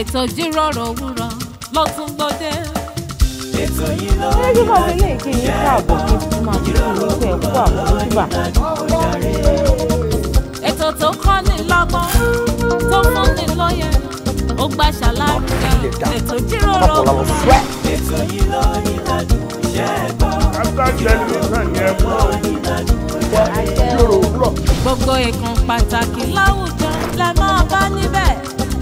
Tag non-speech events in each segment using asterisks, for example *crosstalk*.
ètò ìjíròrò òwúrọ̀ ló tún gbòde. ètò yìí ló ń yọ ọ́ ilé ìkí yìí káàbọ̀ kí n máa fi ìlú ẹ̀ kú àbúrúbà. ètò tó kọ́ ni lọ́gbọ́n tó fún ni lóye ó gbà ṣàlàyé ètò ìjíròrò òwúrọ̀. ètò yìí ló ń yọ ìṣẹ́ ẹ̀gbọ́n. kásájẹ́lì nìkan yẹn mọ́ gbogbo ìkan pàtàkì láwùjọ la máa bá níbẹ̀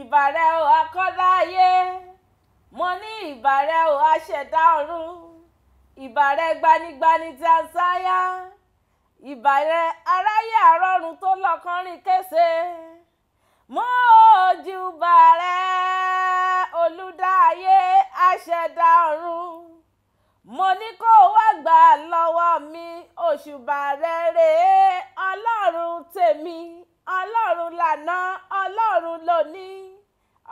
ìbàrẹ̀ o akọ́dá ayé mo ní ìbàrẹ̀ o aṣẹ̀dá ọ̀run ìbàrẹ̀ gbanigbani tí a ń sáyà ìbàrẹ̀ aráyé àrọ́run tó lọ́kànrin kése mo jù bàrẹ̀ olùdáyé aṣẹ̀dá ọ̀run mo ní kó o wá gbà lọ́wọ́ mi òṣùbà rẹ̀ rèé ọlọ́run tèmi ọlọ́run lànà ọlọ́run lónìí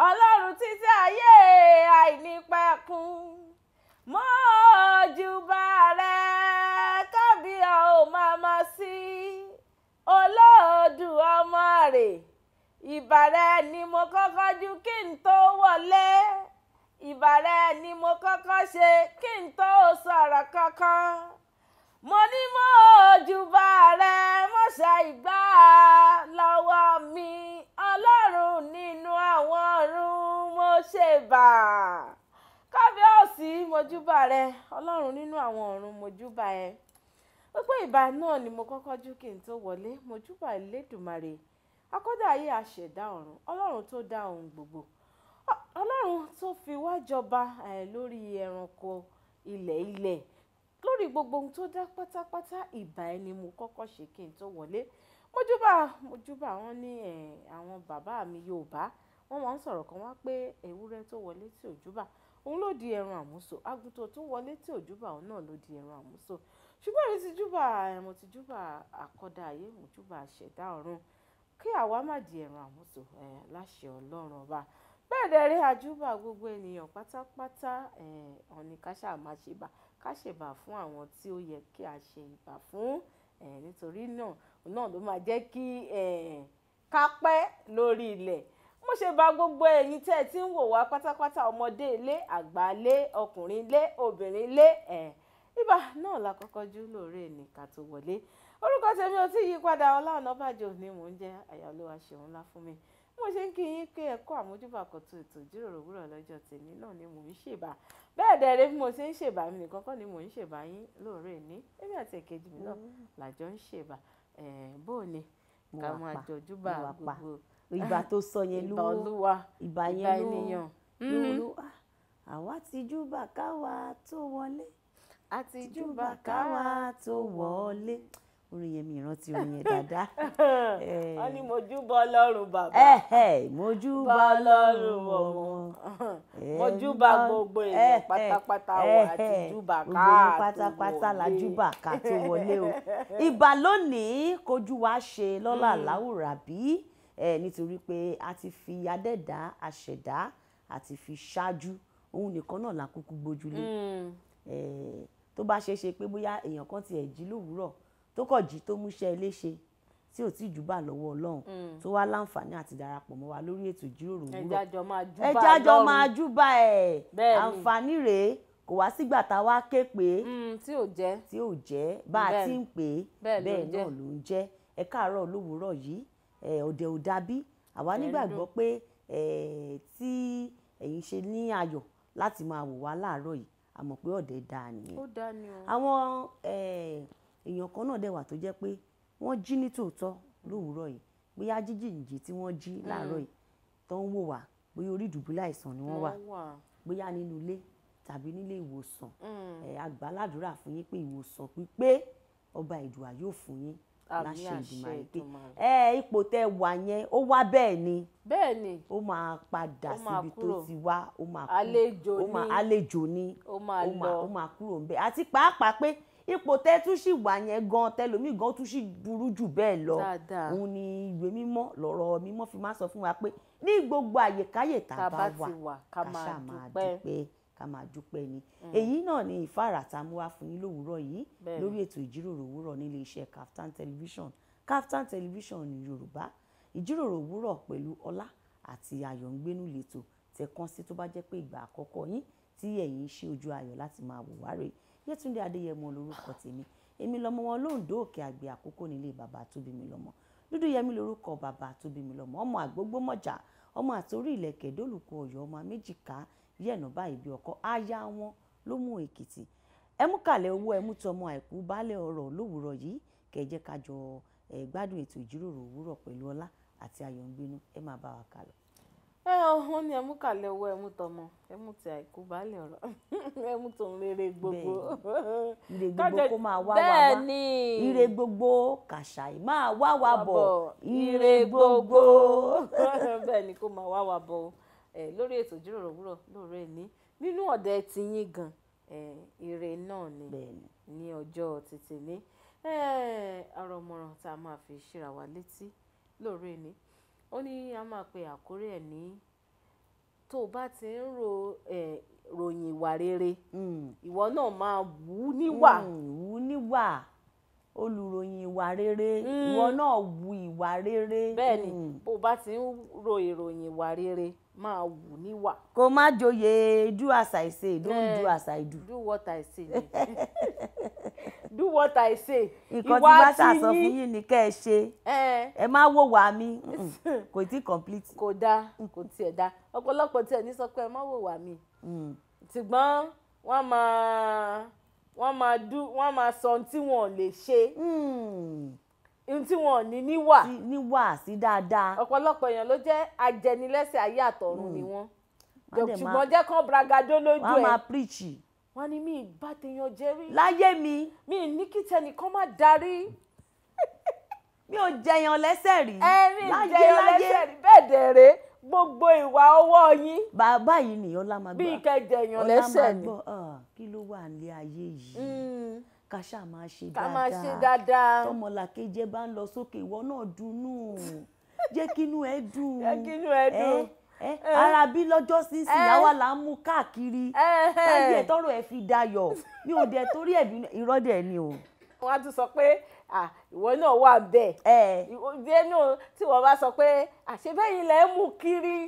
ọlọ́run títí ayé àìnípẹ̀kun mo júbà rẹ kábíyà ó máa ma sí olóòdù ọmọ rè ìbàrẹ̀ ni mo kọ́kọ́ ju kí n tó wọlé ìbàrẹ̀ ni mo kọ́kọ́ ṣe kí n tó sọ̀rọ̀ kankan mo ní mo júbà rẹ mo ṣàìgbà lọ́wọ́ mi ọlọ́run nínú àwọn ọ̀run mo ṣèbà kábíọ́sì mojúbà rẹ ọlọ́run nínú àwọn ọ̀run mojúbà ẹ gbogbo ìbà náà ni mo kọ́kọ́ jú kí n tó wọlé mojúbà elédùmarè akọ́dà ayé àṣẹ̀dá ọ̀run ọlọ́run tó dá ohun gbogbo ọlọ́run tó fi wá jọba lórí ẹranko ilẹ̀ ilẹ̀ lórí gbogbo ohun tó dá pátápátá ìbà ẹni mo kọ́kọ́ ṣe kí n tó wọlé mojúbà mojúbà wọn ní àwọn bàbá mi Yorùbá wọn máa ń sọ̀rọ̀ kan wá pé ewúrẹ́ tó wọlé tí òjúbà òun ló di ẹran àmúso àgùntàn tó wọlé tí òjúbà òun náà ló di ẹran àmúso ṣùgbọ́n èmi ti júbà mo ti júbà àkọ́dá ayé mo júbà àṣẹ̀dá ọ̀run kí àwa má di ẹran àmúso láṣẹ Ọlọ́run ọba bẹ́ẹ̀ dẹ̀ rí àjúbà gbogbo ènìyàn pátápátá ọ̀nì ká ṣáà máa ṣe bá ká ṣèbà fún àwọn tí ó yẹ kí a ṣe ìbà fún nítorí náà náà ló máa jẹ́ kí ká pẹ́ lórí ilẹ̀ mo ṣe bá gbogbo ẹ̀yin tẹ́ ẹ ti ń wò wá pátápátá ọmọdé ilé àgbà ilé ọkùnrin ilé obìnrin ilé ibà náà la kọ́kọ́ jú lóore ní ká tó wọlé orúkọ tèmi ò tí yí padà Ọlá Ọ̀nàbàjọ ni mò ń jẹ́ àyà ṣeun ńlá fún mi mo ṣe ń kí yín pé ẹ̀kọ́ àmójúbà kò tó ètò ìjíròrò òwúrọ̀ lọ́jọ́ tèmi náà ni mò ń ṣèbà bẹ́ẹ̀ dẹ̀rẹ́ bí mo ṣe ń ṣèbà mi nìkan kọ́ ni mò ń ṣèbà yín lóòrè ní èmi àti èkejì mi náà làjọ ń ṣèbà bó ni ká máa jọjúbà gbogbo ìbà tó sọ yẹn lówó ìbà olúwa ìbà yẹn lówó lówó hmm. ah, àwa ti júbà káwa tó wọlé àti júbà káwa tó wọlé orin yẹn mi ìrántí orin yẹn dáadáa. *laughs* wọ́n ní mojúbọ ọlọ́run bàbá. mojúbọ ọlọ́run ọmọ. mojúbà gbogbo èèyàn pátápátá wà àti júbà ká àtúwọlé. gbogbo pátápátá la júbà ká tó wọlé o. *laughs* ìbà lónìí kojú wa ṣe lọ́lá àláwùrà hmm. bí nítorí pé a ti fi adẹ́dá àṣẹ̀dá àti fi ṣáájú òun nìkan náà la kúkú gbójúlé. Hmm. tó bá ṣe é ṣe pé bóyá èèyàn kan tiẹ̀ jí lówùúrọ̀ tó kọ̀ jí tó múṣẹ́ ilé ṣe tí ò tí ì júbà lọ́wọ́ ọlọ́run mm. tó wá láǹfààní àti darapọ̀ mọ́ wa lórí ètò ìjíròrò òwúrọ̀ ẹja jọ máa júbà ẹ̀ àǹfààní rèé kò wá sígbà tá a wá ké pé mm, tí ò jẹ́ tí ò jẹ́ bá a ti ń pè é bẹ́ẹ̀ náà ló ń jẹ́ ẹ káàárọ̀ lówùúrọ̀ yìí ọ̀dẹ̀ ò dàbí àwa nígbàgbọ́ pé tí ẹ̀yin ṣe ní ayọ̀ láti máa wò wá láàárọ̀ yìí àmọ̀ pé ọ̀dẹ̀ dáa nìyẹn àwọn èèyàn kan náà dẹ̀ wà tó jẹ́ pé wọ́n jí ní tòótọ́ lówùúrọ̀ yìí bóyá jíjìnjì tí wọ́n jí láàárọ̀ mm. yìí tó ń wò wá bóyá orí ìdùbúlẹ̀ àìsàn ni wọ́n wà bóyá nínú ilé tàbí nílé ìwòsàn mm. ẹ̀ agbáládùúrà fún yín pé ìwòsàn pípé ọba ìdùà yóò fún yín láṣẹ ìdìmọ̀ àìpé ẹ ipò tẹ wà yẹn ó wá bẹ́ẹ̀ ni bẹ́ẹ̀ ni ó máa padà síbi tó ti wá ó máa kú àlejò ni ó máa lọ ó máa kúrò ń bẹ̀ àti pàápàá pé ipò tẹ́tú sì wà yẹn gan tẹlómi gan tún sì burú jù bẹ́ẹ̀ lọ òun ni ìwé mímọ́ lọ́rọ̀ mímọ́ fi máa sọ fún wa pé ní gbogbo àyèkáyè tá a bá wà ká ṣáà máa dúpẹ́ ká máa dúpẹ́ ni mm. èyí náà ni ìfáàrà tá a mú wá fún yín lówùúrọ̀ yìí lórí ètò ìjíròrò òwúrọ̀ nílé iṣẹ́ Kaftan Television Kaftan Television ní Yorùbá ìjíròrò òwúrọ̀ pẹ̀lú ọlá àti ayọ̀ ń gbénú lẹ́tọ̀ tẹ̀ kàn sí tó bá jẹ́ pé ìgbà àkọ́kọ́ yín tí ẹ̀yin ṣe ojú ayọ̀ láti máa wò wá rèé Yétúndé Adéyẹmọ lórúkọ tèmi èmi lọmọ wọn lóńdó òkè àgbẹ̀ àkókò nílé bàbá tó bí mi lọ́mọ Dúdúyẹmí lórúkọ bàbá tó bí mi lọ́mọ ọmọ àgbógbómọjà ọmọ àtòrí ìlẹ̀kẹ̀ dólùkọ Ọ̀yọ́ ọmọ méjìká yẹnu báyìí bí ọkọ aya wọn ló mú Èkìtì ẹmúkàlẹ̀ owó ẹmútọmọ àìkú baálẹ̀ ọ̀rọ̀ lówùúrọ̀ yìí kẹjẹ kájọ ẹ gbádùn ètò ìjíròrò òwúrọ̀ pẹ̀lú ọlá àti ayọ̀ ẹ máa bá wa kálọ ẹ wọ́n ní ẹmú kàlẹ́ owó ẹmú tọmọ ẹmú ti àìkú balẹ̀ ọ̀rọ̀ ẹmú tó ń rere gbogbo. ire *laughs* gbogbo kó máa wá wa wá ire gbogbo kàṣàì máa wá wa bọ̀ ire gbogbo. *laughs* bẹ́ẹ̀ ni kó máa wá wa bọ̀ lórí ètò ìjíròrò òwúrọ̀ lóore ní nínú ọ̀dẹ ti yín gan ire náà ni ní ọjọ́ títí ní àrọ̀mọ̀ràn tá a máa fi ṣíra létí lóore ní. Ó ní a máa pe àkórí ẹ̀ ní tó bá ti ń ro ẹ̀ ròyìn ìwà rere hmm. ìwọ náà máa wù ú níwà. Hmm, wù ú níwà olùròyìn ìwà rere hmm. ìwọ náà wù ìwà rere. bẹ́ẹ̀ni bó bá ti ń ro ìròyìn ìwà rere máa wù níwà. kó má joyè do as I say don't do as I do. do what I say. *laughs* do what I say. ìkan tí bá ṣàsọ fún yín ni kẹ́ ẹ ṣe ẹ má wò wá mi *laughs* kò tí complete. kò dáa mm. kò tiẹ̀ dáa ọ̀pọ̀lọpọ̀ tiẹ̀ ní sọ pé ẹ má wò wá mi mm. ṣùgbọ́n wọ́n máa wọ́n máa dú wọ́n máa sọ ohun tí wọ́n lè ṣe mm. ohun tí wọ́n ní níwà. níwà sí dáadáa. ọ̀pọ̀lọpọ̀ èèyàn ló jẹ́ ajẹnilẹ́sẹ̀ ayé àtọ̀run ni wọ́n ṣùgbọ́n jẹ́ kán bragado lójú ẹ̀. wọ́n máa preach wọ́n ní mi ìbá tèèyàn jẹ láyé mi. mi ní kí tẹnìkan má darí. mi ò jẹyàn lẹ́sẹ̀ rí. ẹ rí jẹyàn lẹ́sẹ̀ rí bẹ́ẹ̀ dẹ̀ rèé gbogbo ìwà ọwọ́ yín. bàbá yìí ni ọlá máa gbà bí kẹjẹyàn lẹ́sẹ̀ ni kí ló wà ní ayé yìí mm. ká ṣáà máa ṣe dáadáa ká máa bá ń lọ sókè ìwọ náà dunnú jẹ́ kínú ẹ dùn jẹ́ kínú ẹ dùn Eh, eh. ara bí lọ́jọ́ sínsìn eh. yàwá là ń mú káàkiri táyé ẹ̀ tọrọ ẹ̀ fi dayọ̀ ní òde ẹ̀ torí ẹ̀ ìrọ́dẹ̀ ni o. wọ́n á tún sọ pé ìwọ náà wà bẹ́ẹ̀ ìwé náà tí wọ́n bá sọ pé àṣebẹ́yìn lẹ́ mú kiri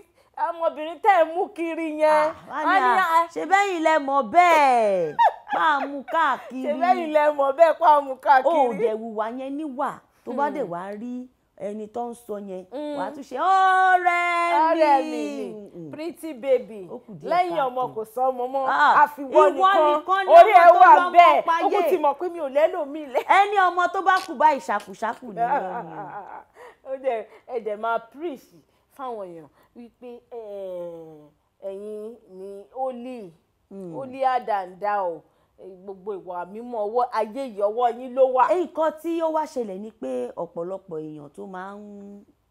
ọmọbìnrin tẹ́ ẹ̀ mú kiri yẹn. Ah, ṣebẹ́yìn lẹ mọ̀ bẹ́ẹ̀ pa mú *laughs* káàkiri. ṣebẹ́yìn lẹ mọ̀ bẹ́ẹ̀ pa mú káàkiri. ó dẹ̀ wùwà yẹn níwà tó bá dẹ̀ wá rí ẹni tó ń sọ yẹn mm. wàá tún ṣe ọ̀rẹ́ mi mm. pretty baby lẹ́yìn ọmọ kò sọ ọmọ mọ́ àfiwọ́ ah, nìkan orí ẹ wà bẹ́ẹ̀ ó kù ti mọ̀ pé mi ò lẹ́lò mi lẹ́. ẹni ọmọ tó bá kú bá ìṣàkùṣàkù ni. *laughs* ó dẹ̀ ẹ dẹ̀ máa preach fáwọn èèyàn wípé ẹ̀yin ni ó lì ó lì àdàndà o gbogbo ìwà mímọ́ ọwọ́ ayé yìí ọwọ́ yín ló wà. nǹkan tí ó wá ṣẹlẹ̀ ni pé ọ̀pọ̀lọpọ̀ èèyàn tó máa ń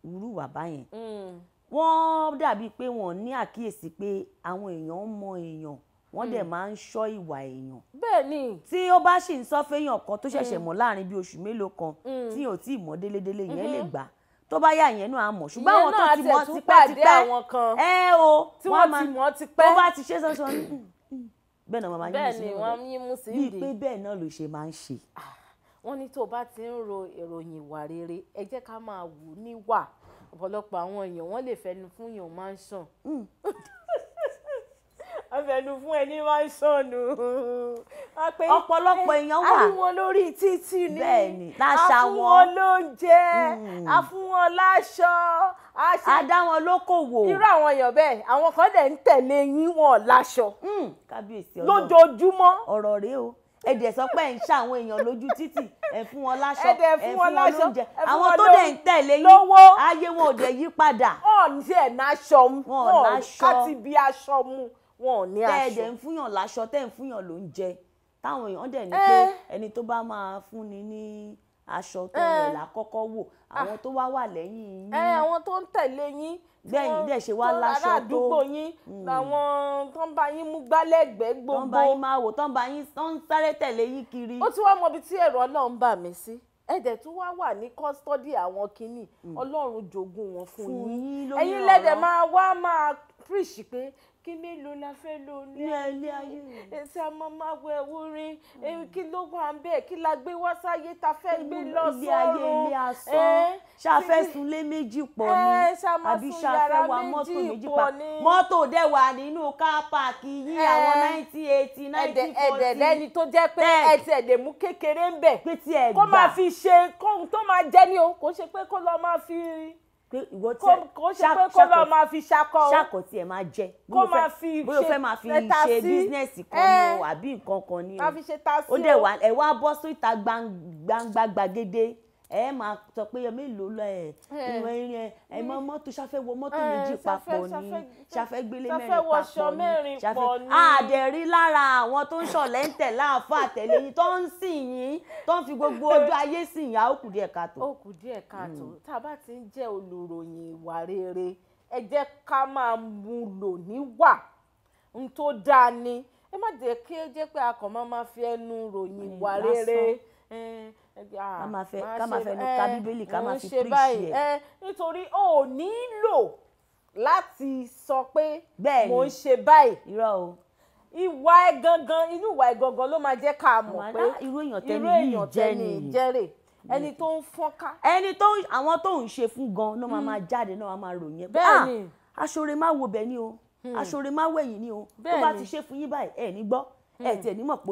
wúrúwà báyẹn hmm. wọ́n dàbí pé wọ́n ní àkíyèsí pé àwọn èèyàn mọ èèyàn wọ́n dẹ̀ hmm. máa ń ṣọ́ ìwà èèyàn. bẹ́ẹ̀ni. tí ó bá sì ń sọ fẹ́yàn kan tó ṣẹ̀ṣẹ̀ hmm. mọ̀ láàrin bíi oṣù mélòó kan tí yóò tí ì mọ̀ délédélé yẹn lè mm-hmm. gbà tó bá yà yẹn náà á mọ̀ ṣùgbọ́n àwọn tó ti mọ̀ tipẹ́tipẹ́ ẹ o wọ́n ti mọ̀ tó bá ti ṣe sọ́sọ́ bẹ́ẹ̀ náà màmá yín mú sí ìrọ̀lẹ́ bẹ́ẹ̀ ni wọ́n yín mú sí ìdí bíi pé bẹ́ẹ̀ náà ló ṣe máa ń ṣe. Ah, wọ́n ní tó bá ti ń ro ìròyìn ìwà rere ẹ jẹ́ ká máa wù ú níwà ọ̀pọ̀lọpọ̀ àwọn èèyàn wọ́n lè fẹnu fún èèyàn máa ń sàn hmm. afẹnu *laughs* fún ẹni máa ń sọnù. ọ̀pọ̀lọpọ̀ èèyàn wà àfún wọn lórí títì ni àfún wọn lóúnjẹ àfún hmm. wọn láṣọ a dá wọn lókòwò. irú àwọn èèyàn bẹ́ẹ̀ àwọn kan dẹ̀ ń tẹ̀lé yín wọn láṣọ. Hmm, kábíyèsí ọlọ́run lójoojúmọ́. ọ̀rọ̀ rèé o ẹ dẹ̀ sọ pé ẹ̀ ń ṣe àwọn èèyàn lójú títì ẹ̀ fún wọn láṣọ ẹ̀ fún wọn lóúnjẹ àwọn tó dẹ̀ ń tẹ̀lé yín ayé wọn ò dẹ̀ yí padà. wọn ò ní ẹ̀ náṣọ mu wọn ò káti bí aṣọ mu wọn ò ní aṣọ. tẹ́ ẹ dẹ̀ ń fúnyàn láṣọ tẹ́ ẹ ń fúnyàn lóúnjẹ táwọn èèyàn dẹ̀ ní eh. pé ẹni tó bá máa fúnni ní aṣọ tó rẹ̀ eh. là kọ́kọ́ wò àwọn ah. tó wá wà lẹ́yìn yín. ẹ eh, àwọn tó ń tẹ̀lé yín. gbẹ̀yìn dẹ̀ ṣe wá láṣọ tó tó àdúgbò yín hmm. làwọn tó ń bá yín mú gbálẹ́gbẹ̀ẹ́ gbogbo. tó ń bá yín máa wò tó ń bá yín tó ń sáré tẹ̀lé yín kiri. ó ti wá mọ ibi tí ẹ̀rọ ọlọ́run bà mí sí ẹ̀dẹ̀ tún wá wà ní kọ́sítọ́dì àwọn kìíní hmm. ọlọ́run jogún wọn fún yín ẹ̀yin lẹ́dẹ̀ máa wá máa píríṣì kí mélòó la fẹ́ lò ní ilé ayé ẹsẹ ọmọ máa wẹ orin hmm. kí ló wà ń bẹ kí la gbé wá sáyé ta fẹ́ gbé lọ sọ́run ilé ayé ilé asán ṣàfẹ́ sunlé méjì pọ̀ ni àbí ṣàfẹ́ wa mọ́tò méjì pọ̀ mọ́tò dẹ̀ wà nínú kápákì yí àwọn nineteen eighty nineteen forty ẹ̀dẹ̀ lẹ́ni tó jẹ́ pé ẹsẹ̀ lè mú kékeré ń bẹ̀ kó máa fi ṣe kóhun tó máa jẹ́ ní o kò ṣe pé kó lọ́ọ́ máa fi rin pé ìwọ tí ẹ ṣàkọ tí ẹ máa jẹ bóyá o fẹ́ máa fi ṣe bísínẹ́sì kan ni o eh, àbí nǹkan kan ni o ó dẹ̀ wá ẹ wá bọ́ síta gbangba gbàgede ẹ máa sọ pé ẹ mélòó lọ ẹ ìwọ̀n irin ẹ ẹ mọ mm. mọ́tò ṣàfẹ́ wọ mọ́tò méjì papọ̀ ni ṣàfẹ́ gbélé mẹ́rin papọ̀ ni àdẹ̀rí lára àwọn tó ń ṣọ̀lẹ́ ń tẹ̀ láàfọ̀ àtẹ̀lẹ́yìn tó ń sìn yín tó ń fi gbogbo *laughs* ojú ayé sìn yá ó kù díẹ̀ káàtó. ó kù díẹ̀ káàtó mm. tá a bá ti ń jẹ́ olùròyìn ìwà rere ẹ jẹ́ ká máa mú lò níwà n tó dáa ni ẹ má jẹ́ kí ó jẹ́ pé a kàn máa fi ẹnu ròyìn ìwà rere Ah, ká máa fẹ́ ká máa fẹ́ ka bíbélì ká máa fi preach ẹ̀. nítorí o ò nílò láti sọ pé mo ń ṣe báyìí. irọ́ o ìwà ẹ gangan inú ìwà ẹ gangan ló máa jẹ́ ká mọ̀ pé irú èèyàn tẹ́ni yìí jẹ́ rè ẹni tó ń fọ́nká. ẹni tó àwọn tó ń ṣe fún gan hmm. ló máa máa jáde náà ah, máa ròyìn ẹ pé aṣọre má wo bẹ́ẹ̀ ni o hmm. aṣọre má wẹ̀yìn ni o tó bá ti ṣe fún yín báyìí ẹ̀ ní gbọ́ ẹ̀ hmm. tiẹ̀ ní mọ̀ pò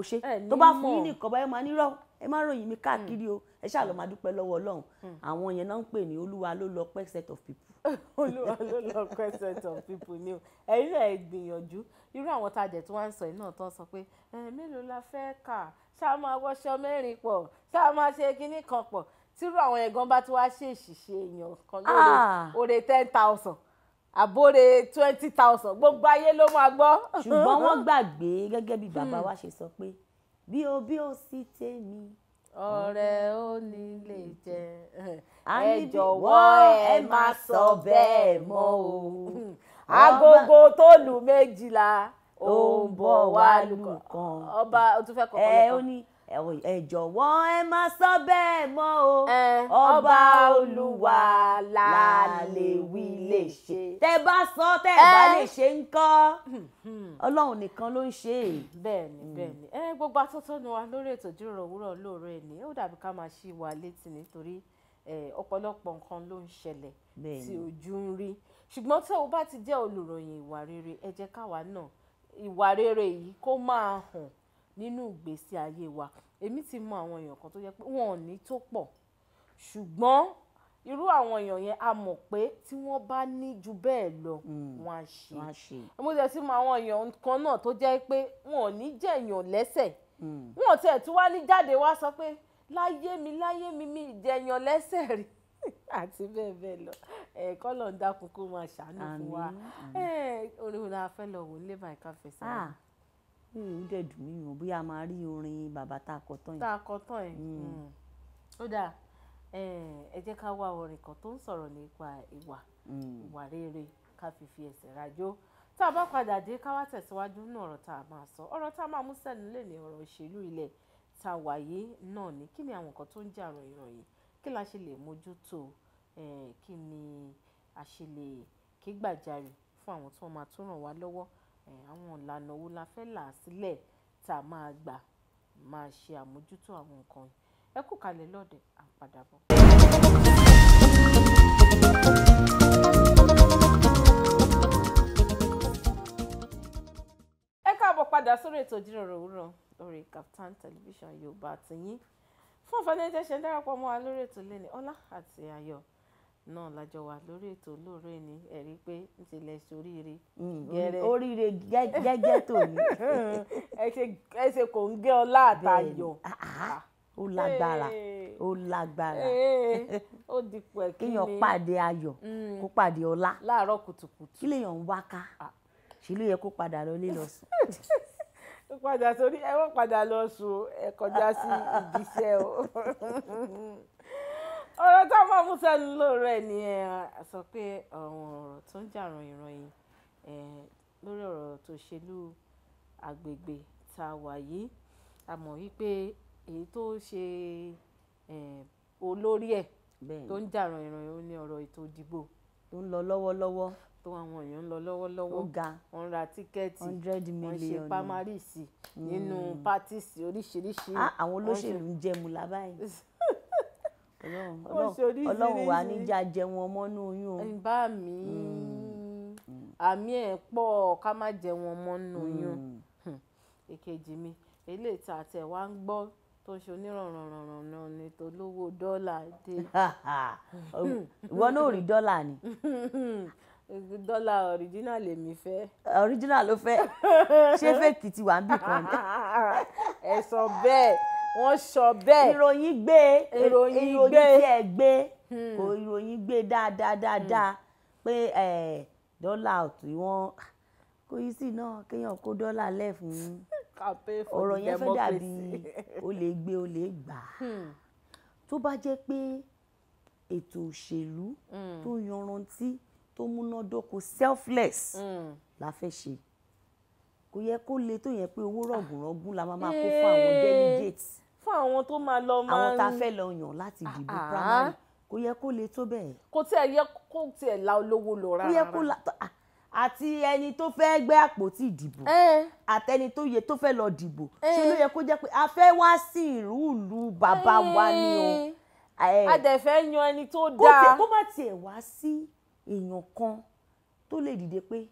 tó bá fún yín nìkan báyìí máa nírọ̀ ẹ má ròyìn mi káàkiri o ẹ ṣáà lọ hmm. máa dúpẹ́ lọ́wọ́ Ọlọ́run hmm. àwọn yẹn náà ń pè ní olúwa ló lọ pẹ́ set of people. *laughs* olúwa ló lọ pẹ́ set of people ni o ẹ̀yin náà gbìyànjú irú àwọn tajẹ̀ tí wọ́n ń sọ yìí náà tán sọ pé mélòó la fẹ́ kà ṣáà máa wọṣọ mẹ́rin pọ̀ ṣáà máa ṣe kinní kan pọ̀ tírú àwọn ẹ̀gán bá ti wá ṣèṣì ṣe èèyàn kan lóore ah! ten thousand àbóre twenty thousand gbogbo ayé ló máa gbọ́. ṣùgbọ́n wọ́n *laughs* gbàgbé gẹ́gẹ́ bí bàbá hmm. wa ṣe sọ pé bí o bí o sì tèmi. ọ̀rẹ́ ò ní lè jẹ ẹ jọ̀wọ́ ẹ má sọ bẹ́ẹ̀ mọ́ o. agogo tó lù méjìlá ó ń bọ̀ wá lù ọba ó tún fẹ́ kọ́kọ́ lẹ́kọ̀ọ́ ẹ jọ̀wọ́ ẹ má sọ bẹ́ẹ̀ mọ́ o ọba olúwa la lè wí lè ṣe tẹ bá sọ tẹ bá lè ṣe ń kọ́ hmm, hmm. ọlọ́run nìkan ló ń ṣe é. bẹ́ẹ̀ni hmm. bẹ́ẹ̀ni ẹ gbogbo atótónu wa lórí ètò ìjíròrò òwúrọ̀ lóòrọ̀ ẹ ní ó dàbí ká máa ṣí wa létí nítorí ọ̀pọ̀lọpọ̀ nǹkan ló ń ṣẹlẹ̀ tí ojú ń rí ṣùgbọ́n tó o bá ti jẹ́ olùròyìn ìwà rere ẹ jẹ́ káwa náà ìwà rere yìí kó máa hàn nínú ìgbésí ayé wa èmi ti mọ àwọn èèyàn kan tó jẹ́ pé wọn ò ní tó pọ̀ ṣùgbọ́n irú àwọn èèyàn yẹn a mọ̀ pé tí wọ́n bá ní ju bẹ́ẹ̀ lọ hmm, wọ́n á ṣe mo jẹ́ sí mọ àwọn èèyàn kan náà tó jẹ́ pé wọn ò ní jẹ̀yàn lẹ́sẹ̀ hmm. wọn ò tiẹ̀ tún wá ní jáde wá sọ pé láyé mi láyé mi mi jẹ̀yàn lẹ́sẹ̀ rí *laughs* àti bẹ́ẹ̀ bẹ́ẹ̀ lọ ẹ̀ẹ́kọ́ lọ́n dákun kó máa ṣàánú fún wa orin wo la fẹ́ lọ wò ó lé báyìí ká fẹsẹ̀ rẹ̀ ó dẹ̀ dùn mí o bóyá a máa rí orin bàbá tá a kọ tán yìí. tá a kọ tán yìí hmm. hmm. ó dáa ẹ jẹ́ ká wá orin kan tó ń sọ̀rọ̀ nípa ìwà hmm. ìwà rere ká fi fi ẹsẹ̀ rajó tá a bá padà dé ká wá tẹ̀síwájú ní ọ̀rọ̀ tá a máa sọ ọ̀rọ̀ tá a máa mú sẹ́nu lè ní ọ̀rọ̀ òṣèlú ilẹ̀ tá a wáyé náà ni kí ni àwọn nǹkan tó ń jà ròyìn ròyìn kí la ṣe lè mójútó kí ni a ṣe lè kígbàjarè fún àwọn tí wọ́n máa tún ràn wá lọ́wọ́ àwọn ìlànà wo la fẹ́ là sílẹ̀ tá a máa gbà máa ṣe àmójútó àwọn nǹkan yìí ẹ kú kalẹ̀ lọ́dẹ̀ à ẹ káàbọ̀ padà sórí ètò ìjíròrò òwúrọ̀ lórí Kaftan television Yorùbá àtìyín fún ìfọdẹ́jẹ́ ṣe ń darapọ̀ mọ́ wa lórí ètò lẹ́ni ọlá àti ayọ̀ náà lájọ wà lórí ètò olóore ni ẹ oriri. pé ń *laughs* ṣe lẹ soríire. oríire gẹ́gẹ́ ẹ ṣe kò ń gé ọlá ah, ah, ah. ó lágbára ó lágbára. ó di ni kéèyàn pàdé ayọ̀ mm. kó pàdé ọlá. láàárọ̀ kùtùkùtù. kí lèèyàn ń wá ká ṣì ló yẹ kó padà lọ *laughs* padà sórí ẹ wọ́n padà lọ sùn o *laughs* ọ̀rọ̀ tá a máa mú sẹ́nu lóore ni ẹ sọ pé àwọn ọ̀rọ̀ tó ń jà ròyìnròyìn lórí ọ̀rọ̀ tòṣèlú agbègbè tá a wà yìí a mọ̀ wípé èyí tó ṣe olórí ẹ̀ tó ń jà ròyìnròyìn ó ní ọ̀rọ̀ ètò ìdìbò tó ń lọ lọ́wọ́lọ́wọ́ tó àwọn èèyàn ń lọ lọ́wọ́lọ́wọ́ ó ga wọ́n ra tíkẹ́ẹ̀tì hundred million wọ́n ṣe pámárìsì hmm. nínú pátìsì oríṣiríṣi. àwọn olóṣèlú ń jẹ mùlá báyìí. *laughs* ọlọ́run wà níjà jẹ wọn mọ́nú oyún. bá mi mm. Mm. àmì ẹ̀ pọ̀ ká má jẹ wọn mọ́nú oyún. Mm. Hmm. èkejì mi eléyìí tá a tẹ̀ wá ń gbọ́ tó ṣe onírànrànràn náà ni tolówó dọ́là dé. *laughs* ìwọ náà rí dọ́là ni. *laughs* dọ́là original lèmi fẹ́. original ló fẹ́ *laughs* ṣé fẹ́ẹ̀kì ti wà ń bì kan. ẹ sọ bẹ́ẹ̀ wọ́n sọ bẹ́ẹ̀ ìròyìn gbé ìròyìn gbé ìròyìn tiẹ̀ gbé hmm. kò ìròyìn gbé dáadáa dáadáa hmm. pé dọ́là tí wọ́n kò yí sí náà kéèyàn kó dọ́là lẹ̀ fún ọ̀rọ̀ yẹn fẹ́ dàbí *laughs* o lè gbé o lè gbà á hmm. tó bá jẹ́ pé ètò òṣèlú tó yanrantí tó múnádóko selfless la fẹ́ ṣe kò yẹ kó le tó yẹn pé owó rọ̀gùnrọ̀gùn la máa kó fún àwọn eh, delegates fún àwọn tó máa lọ máa ń àwọn tá a fẹ́ lọ yàn láti ah, dìbò ah. primary kò yẹ kó le tó bẹ́ẹ̀. kò tiẹ̀ yẹ kó tiẹ̀ la olówó lọ rárá. kò yẹ kó la ah, àti ẹni tó fẹ́ gbẹ́ àpótí ìdìbò eh. àtẹni tó yẹ tó fẹ́ lọ dìbò ṣé eh. ló yẹ kó jẹ́ pé a fẹ́ wá sí ìlú ìlú bàbá wa ni o. a dẹ̀ fẹ́ yan ẹni tó dáa. kó má tiẹ̀ wá sí èèyàn kan tó lè dìde pé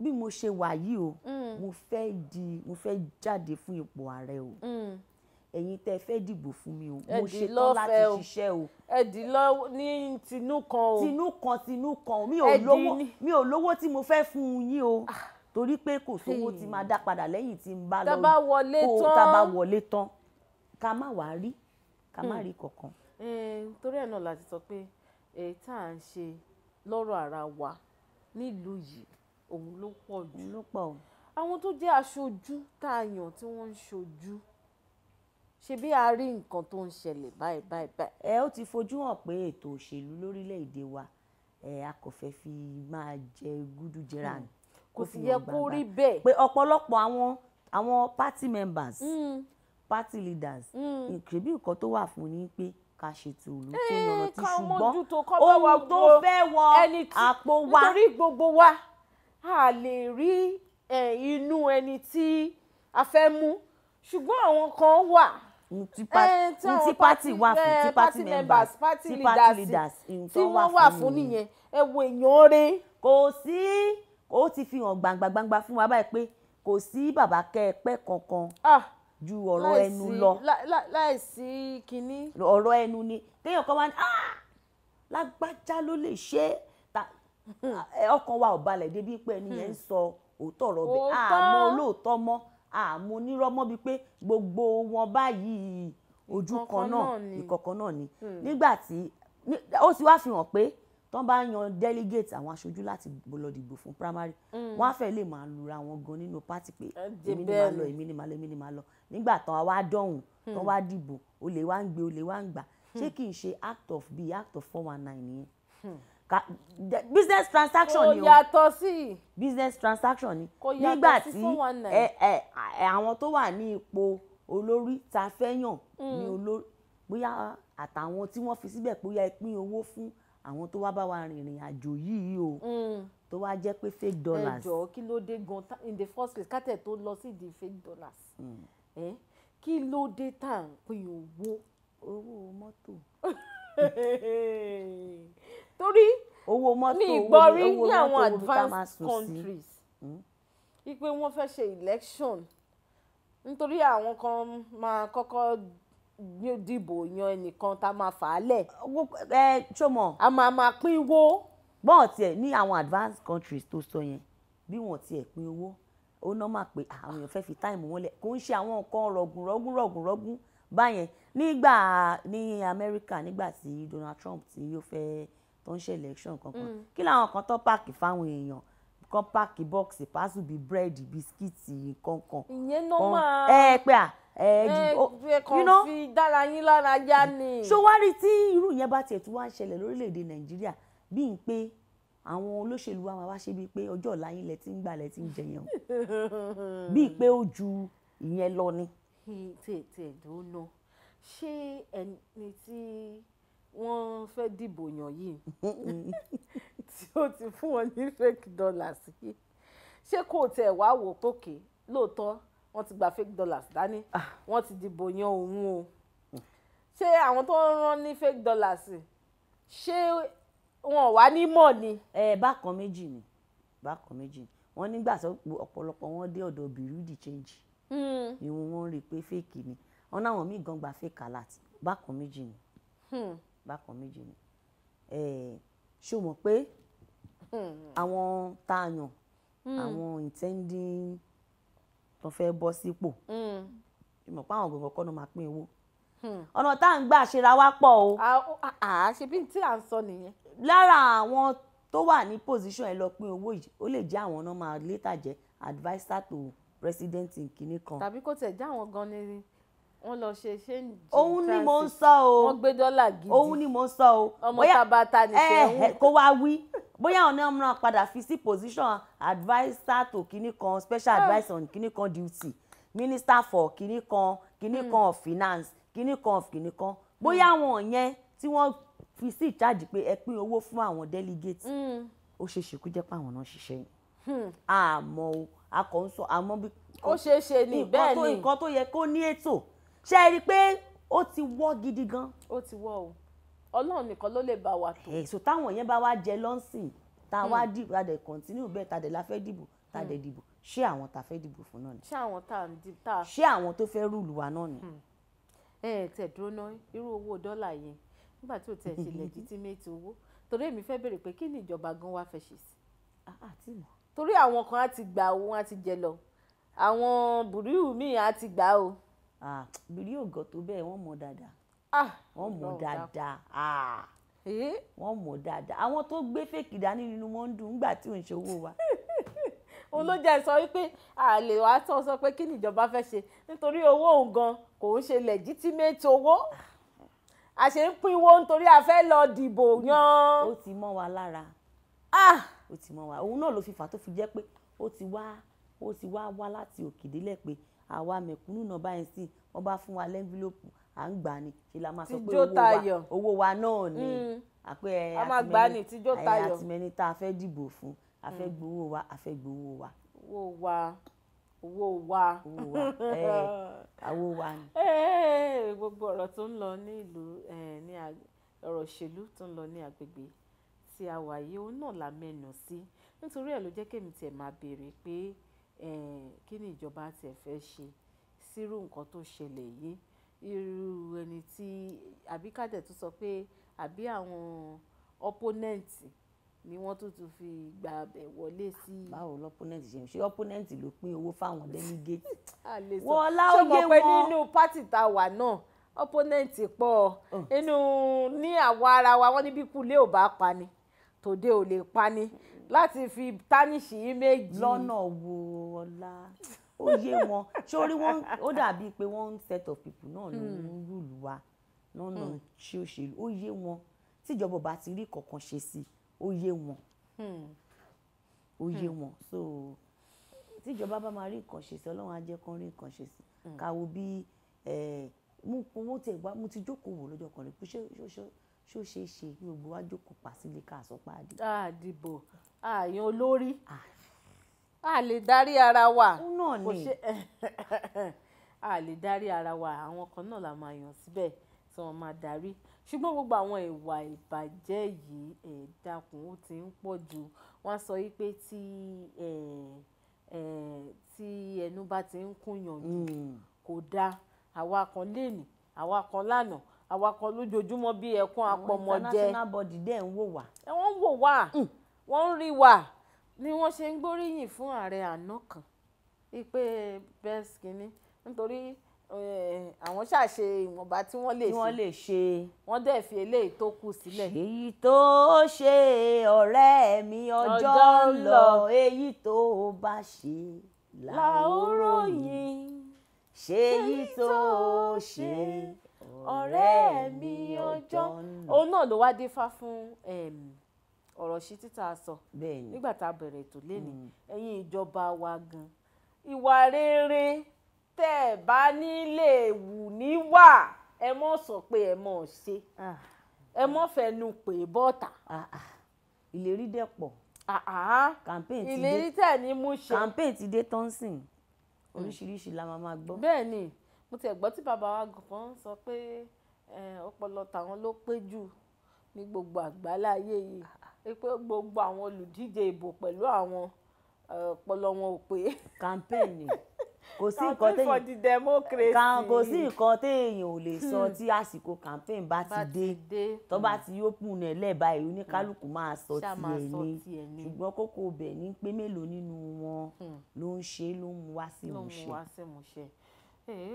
bí mo ṣe wà yìí o mm. mo fẹ́ di mo fẹ́ jáde fún ipò ààrẹ o mm. ẹ̀yin tẹ́ fẹ́ dìbò fún mi o mo ṣe tán láti ṣiṣẹ́ o. ẹ̀dì lọ ní tinú kan o. tinú kan tinú kan mi ò lówó mi ò lówó tí mo fẹ́ fún un yín o ah. torí pé kò sówó tí hmm. máa dá padà lẹ́yìn tí n bá lọ kó tá bá wọlé tán ká má wàá rí ká má hmm. rí kankan. Eh, torí ẹ̀ náà la sọ pé èyí tá à ń ṣe lọ́rọ̀ ara wa nílùú yìí òun ló pọ̀ jù. òun ló pọ̀ o. àwọn tó jẹ́ aṣojú tá a yàn tí wọ́n ń ṣojú ṣe bí a rí nǹkan tó ń ṣẹlẹ̀ báyìí báyìí báyìí. ẹ ó ti fojú hàn pé ètò òṣèlú lórílẹ̀‐èdè wa ẹ a kò fẹ́ fi máa jẹ gúdú jẹra ni. Hmm. kò sì yẹ kó rí bẹ́ẹ̀. pé ọ̀pọ̀lọpọ̀ àwọn àwọn party members mm. party leaders hmm. ìkébí nǹkan tó wà fún ni pé ká ṣètò òlù tó yọrọ ti ṣùgbọ́n ohun tó fẹ́ wọ àpò wa nítorí gbogbo wa a lè rí inú ẹni tí a fẹ́ mú ṣùgbọ́n àwọn kan wà ti party wà fún ti party members party leaders tí wọ́n wà fún nìyẹn ẹ wo èèyàn rẹ. kò sí ó ti fi hàn gbangba-gbangba fún wa báyìí pé kò sí bàbá kẹ́ẹ̀pẹ́ kankan ah, ju ọ̀rọ̀ ẹnu lọ. láìsí kínní. ọ̀rọ̀ ẹnu ni téèyàn kan wá ní ah! lágbájá ló lè ṣe é Hmm. ọkàn wa ò balẹ̀ débi pé ẹni yẹn hmm. ń sọ òótọ́ ọ̀rọ̀ bẹ́ẹ̀ àmọ́ olóòótọ́ mọ́ àmọ́ onírọ́mọ́ bíi pé gbogbo wọn báyìí ojú kan náà ìkọ̀kan náà ni hmm. nígbà tí ó sì wá fi hàn pé tán bá yan delegate àwọn aṣojú láti lọ dìbò fún primary wọn á fẹ́ lè máa lura wọn gan nínú pátì pé èmi ni màá lọ èmi ni màá lọ èmi ni màá lọ nígbà tán wá dọ̀hùn tán wá dìbò olè wá ń gbé olè wá ń gbà ṣé kì í ṣe act of bíi act of four one nine nìyẹn business transaction ni o yàtọ̀ sí business transaction ni nígbà tí àwọn tó wà ní ipò olórí ta fẹ́ yàn ní mm. olórí bóyá àtàwọn tí wọ́n fi síbẹ̀ bóyá ìpín owó fún àwọn tó wá bá wa rìnrìn àjò yìí o mm. tó wá jẹ́ pé fake dollars. ẹjọ kí ló dé gan in the first place kátẹ tó lọ sí di fake dollars mm. kí ló dé tá à ń pín owó. owó mọ́tò. *laughs* torí owó mọ́tò owó mọ́tò owó bí ká máa sùn sí hmm? wípé wọ́n fẹ́ ṣe election nítorí àwọn kan máa kọ́kọ́ dìbò yan ẹnìkan tá a máa fà á lẹ̀. ẹ ṣọmọ. a máa máa pín owó. bọ́ọ̀ tiẹ̀ ní àwọn advanced countries tó sọ yẹn bí wọ́n tiẹ̀ pín owó ó ná máa pé ah, àwọn èèyàn fẹ́ fi táìmù wọn lẹ̀ kò ń ṣe àwọn nǹkan rọ̀gùn rọ̀gùn rọ̀gùn rọ̀gùn báyẹn nígbà ní Amẹ́ríkà nígbà tí Donald Trump tí yóò fẹ́ẹ́ tó ń ṣe election kankan mm. kí làwọn kan tó páàkì fáwọn èèyàn kan páàkì bọ́ọ̀sì pàṣù bíi búrẹ́dì bisikíìtì kankan. ìyẹn ló máa ẹ pé à ẹ kàn fi dára yín lára yá ni. ṣọwárí tí irú yẹn bá tiẹ̀ tún wá ń ṣẹlẹ̀ lórílẹ̀‐èdè nàìjíríà bíi pé àwọn olóṣèlú wa máa wá ṣe bíi pé ọjọ́ ọ̀la yín lẹ ti ń gbà lẹ ti ń jẹyàn *laughs* bíi pé ó ju ìyẹn lọ ni. tètè ló ná ṣé ẹni tí wọ́n fẹ́ dìbò yàn yìí tí ó ti fún wọn ní fake dollars yìí ṣé kò tẹ̀ wá wò pókè lóòótọ́ wọ́n ti gba fake dollars dání ah. wọ́n ti dìbò yan òun o ṣé àwọn tó ń rán ní fake dollars ṣé wọn wá ní mọ̀ ni. ẹ bákan méjì ni bákan méjì ni wọn nígbà tó ọ̀pọ̀lọpọ̀ wọn dé ọ̀dọ̀ bìrú di change hmm. ni wọn rí i pé fake ni wọn náà wọn mí gan gba fake alert bákan méjì ni. Hmm bákan méjì ni eh, ṣé o mọ̀ pé àwọn tá hmm. àwọn intending tó fẹ́ bọ́ sípò hmm. ṣé o mọ̀ pé àwọn gbọ̀ngàn kọ́ ló máa pín owó hmm. ọ̀nà tá à ń gbà ṣera wá pọ̀ o. àá ṣe bí tí à ń sọ nìyẹn. lára àwọn tó wà ní position ẹ lọ pín owó yìí ó lè jẹ́ àwọn náà máa létà jẹ́ adviser to president nkíní kan. tàbí kó tẹ̀ jẹ́ àwọn gan-an ni wọ́n lọ ṣe ṣe ń jí òun ni mò ń sọ o wọ́n gbé dọ́là gidi òun ni mò ń sọ o ọmọ tabata ní sẹ́wọ̀n kó wá wí bóyá ọ̀nà mìíràn padà fi sí position adviser to kinní kan special ah. adviser on kinní kan duty minister for kinní kan kinní hmm. kan of finance kinní kan of kinní kan hmm. bóyá àwọn yẹn tí wọ́n fi sí ìjáde pé ẹ pín owó fún àwọn delegate hmm. ó ṣeé ṣe kó jẹ́ pé àwọn náà ṣiṣẹ́ yìí àmọ́ o a kò ń sọ àmọ́ bí. ó ṣeé ṣe ni bẹ́ẹ̀ ni nǹkan tó yẹ kó ní ètò ṣe é rí i pé ó ti wọ́ gidi gan. ó ti wọ́ o ọlọ́run nìkan ló lè bá wa tó. èso táwọn yẹn bá wá jẹ lọ́nsìn tá a hmm. wá dìbò tá a dẹ̀ kọ̀ntínú bẹ́ẹ̀ tá a dẹ̀ la fẹ́ dìbò tá a hmm. dẹ̀ dìbò ṣé àwọn tá a fẹ́ dìbò fún náà ni. ṣé àwọn tá a ń di tá a. ṣé àwọn tó fẹ́ rúùlù wa náà ni. Hmm. ẹ ẹ tẹ dúró ná irú owó dọ́là yẹn nígbà tí o tẹ̀ ṣe legitimate owó torí èmi fẹ́ béèrè pé kí ni ìjọba gan wa fẹ́ ṣe sí. torí àwọn kan á ti gbà owó wọn á ti jẹ lọ àwọn bùrúù Ah, bírí ògò tó bẹ́ẹ̀ wọ́n mọ̀ dáadáa ah! wọ́n mọ̀ dáadáa ah! wọ́n mọ̀ dáadáa àwọn tó gbé fèkì dání nínú wọn ń dùn nígbà tí ò ń ṣe owó wa. *laughs* òun ló jẹ́ sọ wípé àlè wa sọ sọ pé kí nìjọba fẹ́ ṣe nítorí owó òun gan kò ń ṣe lẹ́gítímẹ́tì owó a ṣe ń pín owó nítorí a fẹ́ lọ dìbò yan. ó ti mọ́ wa lára ó ti mọ́ wa òun náà ló fi fà tó fi jẹ́ pé ó ti wá ó ti wá wá láti òkèdélẹ̀ pé àwa mẹ̀kúnnù náà báyìí sí wọ́n bá fún wa lẹ́ńfílọ́pù à ń gbà ní ṣe la máa sọ pé owó wa náà ni mm. àpẹ àtìmẹ́ni tá a fẹ́ dìbò fún a fẹ́ mm. gbowó wa a fẹ́ gbowó wa. owó wa owó wa owó wa ẹ *laughs* wa ni. gbogbo ọ̀rọ̀ tó ń lọ ní ìlú ní ọ̀rọ̀ òṣèlú tó ń lọ ní agbègbè tí a wà yìí òun náà la mẹ́nu sí nítorí ẹ̀ ló jẹ́ kémi tiẹ̀ máa béèrè pé kí ni ìjọba tiẹ̀ fẹ́ ṣe sírú nǹkan tó ṣẹlẹ̀ yìí irú ẹni tí àbí kádẹ̀ tún sọ pé àbí àwọn opponent ni wọ́n tún tún fi gba abẹ wọlé sí. báwo l'opponent ṣe ṣe opponent ló pín owó fáwọn delegate. *laughs* wọ́n láwùjẹ wọn ṣọmọ pé nínú pátì tá a wà náà opponent pọ̀ inú ní àwa ara wa wọ́n níbi kulé ò bá pa tòde ò lè pa láti fi tánìṣì méjì. lọ́nà wo ọlá ó yé wọn sórí wọn ó dàbí pé one set of people náà ló hmm. ń rúlù wa lọ́nà hmm. tí ó ṣe ó yé wọn tíjọba ọba ti rí kankan ṣe sí ó yé wọn hmm. ó wọn so tíjọba bá máa rí nǹkan ṣe sí ọlọ́run á jẹ́ kán rí nǹkan ṣe sí ká wo bí mo tẹ̀ wá mo ti jókòó wò lọ́jọ́ kan rí pé ṣó ṣe é ṣe gbogbo wa jókòó pa sílé ká sọ pé àdìbò àdìbò àyàn olórí a lè darí ara wa kò ṣe *laughs* a lè darí ara wa àwọn kan náà la máa yàn síbẹ̀ tí wọ́n máa darí ṣùgbọ́n gbogbo àwọn ìwà ìbàjẹ́ yìí ẹ̀ dákun ó ti ń pọ̀ jù wọ́n sọ pé tí tí ẹnu bá ti ń kúnyàn jù hmm. kò dáa àwa kan lénìí àwa kan lánàá àwa kan lójoojúmọ́ bí ẹkún apọmọjẹ àwọn international body dẹ̀ ń wò wá. wọ́n ń wò wá hmm. wọ́n ń rí wá ni wọ́n ṣe ń gbóríyìn fún ààrẹ àná kan wípé best kínní nítorí eh, àwọn ṣàṣe ìwọ̀nba tí wọ́n lè ṣe wọ́n lè ṣe wọ́n dẹ̀ fi eléyìí tó kù sílẹ̀. èyí tó ṣe ọ̀rẹ́ mi ọjọ́ ń lọ èyí tó bá ṣe làóró yìí ṣe èyí tó ṣe ọ̀rẹ́ mi ọjọ́. òun náà ló wá dífá fún ọ̀rọ̀ sí títà sọ nígbà tá a bẹ̀rẹ̀ ètò lẹ́nu mm. ẹ̀yin ìjọba wa gan ìwà rere tẹ́ ẹ̀ bá nílé wù níwà ẹ mọ̀ sọ pé ẹ mọ̀ ṣe ah. ẹ mọ̀ fẹnu pè bọ́ta. Ah, ah. ìlérí dẹ̀ pọ̀ ìlérí tẹ̀ ní mú ṣe campaign ti dé tọ́nsìn mm. oríṣiríṣi la máa gbọ́. bẹ́ẹ̀ ni mo ti gbọ́ tí bàbá wa kan sọ pé ọpọlọ tàwọn ló pé jù ní gbogbo àgbáláyé yìí pé gbogbo àwọn olùdíje ìbò pẹ̀lú àwọn ọpọlọ wọn ò pé. kàmpẹ́ẹ̀nì kò sí nǹkan téèyàn for the democracy kan kò sí nǹkan téèyàn ò lè sọ hmm. tí àsìkò campaign bá ti dé tó bá ti yókùn náà lẹ́ẹ̀bá èyí oníkálukú hmm. máa sọ tiẹ̀ ni ṣùgbọ́n kókó ibẹ̀ ni pé mélòó nínú wọn hmm. ló ń ṣe ló ń mú wá sí ìmúṣẹ.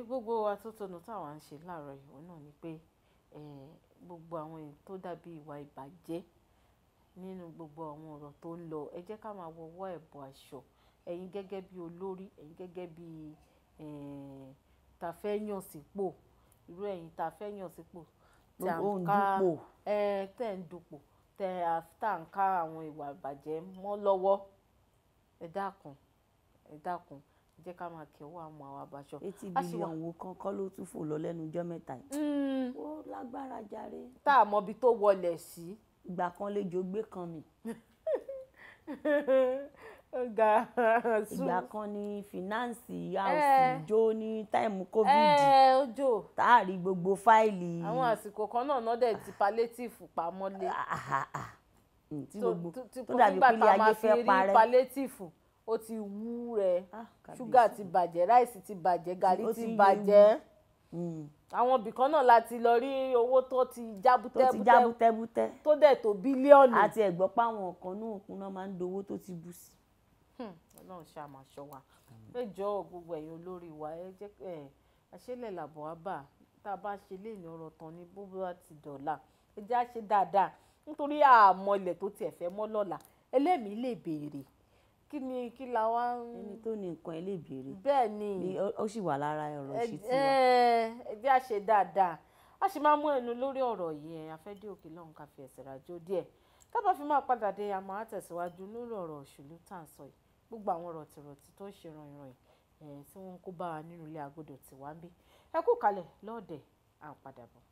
gbogbo atótónu táwa ń ṣe láàárọ̀ ìwọ náà ni pé gbogbo àwọn èèyàn tó dàbí ìwà ìbàjẹ́ nínú gbogbo àwọn ọ̀rọ̀ tó ń lọ ẹ jẹ́ ká máa wọwọ́ ẹ̀bùn aṣọ ẹ̀yin gẹ́gẹ́ bí olórí ẹ̀yin gẹ́gẹ́ bí ta fẹ́ yàn sípò irú ẹ̀yin ta fẹ́ yàn sípò tí à ń ká tẹ̀ ń dupò tẹ̀ tá à ń ká àwọn ìwà ìbàjẹ́ mọ́ lọ́wọ́ ẹ dákun ẹ dákun ẹ jẹ́ ká máa kẹ́wọ́ àmọ́ àwọn abaṣọ. eighty billion wo kan kọ́ ló tún fò lọ lẹ́nu ọjọ́ mẹ́ta yìí. Hmm. ó lágbára jàre. tá a mọ ibi tó wọlé sí. Si ìgbà kan lejò gbé kan mi. *laughs* ìgbà kan ni fìnáǹsì àòsì jó ní táìmù covid eh, táàrí gbogbo fáìlì. àwọn àsìkò kan náà náà dẹ̀ ti palliative pamọ́lé. Ah, ah, ah, tí gbogbo tó dàbí pílé ayé fẹ́ parẹ́. palliative ó ti wú rẹ̀ ṣúgà ti bàjẹ́ ráìsì ti bàjẹ́ gàrí ti bàjẹ́. Hmm. àwọn ibìkan náà la ti lọ rí owó tó ti jábútẹ́bútẹ́ tó dẹ̀ tó bílíọ̀nù. àti ẹ̀gbọ́n páwọn ọ̀kan náà òkun náà máa ń dowó tó ti bù sí. Hmm. ọlọ́run ṣáà máa ṣọ́ wa péjọ gbogbo ẹ̀yin olórí wa ẹ jẹ́ ẹ àṣẹlẹ̀ làbọ̀ àbà tá a bá ṣe léèlì ọ̀rọ̀ tán ní bóbá ti dọ̀la ẹ jẹ́ àṣẹ dáadáa nítorí àmọ́ ilẹ̀ tó tiẹ̀ fẹ́ mọ́ lọ́la ẹlẹ́mìí lè béèrè kí ni kí la wá ń. ẹni tó ní nǹkan ẹ lè béèrè. bẹ́ẹ̀ ni ó sì wà lára ọ̀rọ̀ ṣe tiwa. ẹ bí a ṣe dáadáa a sì máa mú ẹnu lórí ọ̀rọ̀ yìí a fẹ́ dé òkè lọ́hùn ká fi ẹsẹ̀ rajó díẹ̀ tábà fi máa padà dé àmọ́ àtẹ̀síwájú lórí ọ̀rọ̀ òṣèlú tá à ń sọ yìí gbogbo àwọn rọ̀tìrọ̀tì tó ń ṣe rànyìnrànyìn tí wọ́n ń kó bá wa nínú ilé agodo tiwa ń bí ẹ kú kalẹ̀ lọ́ọ̀dẹ̀ à ń padà bọ̀.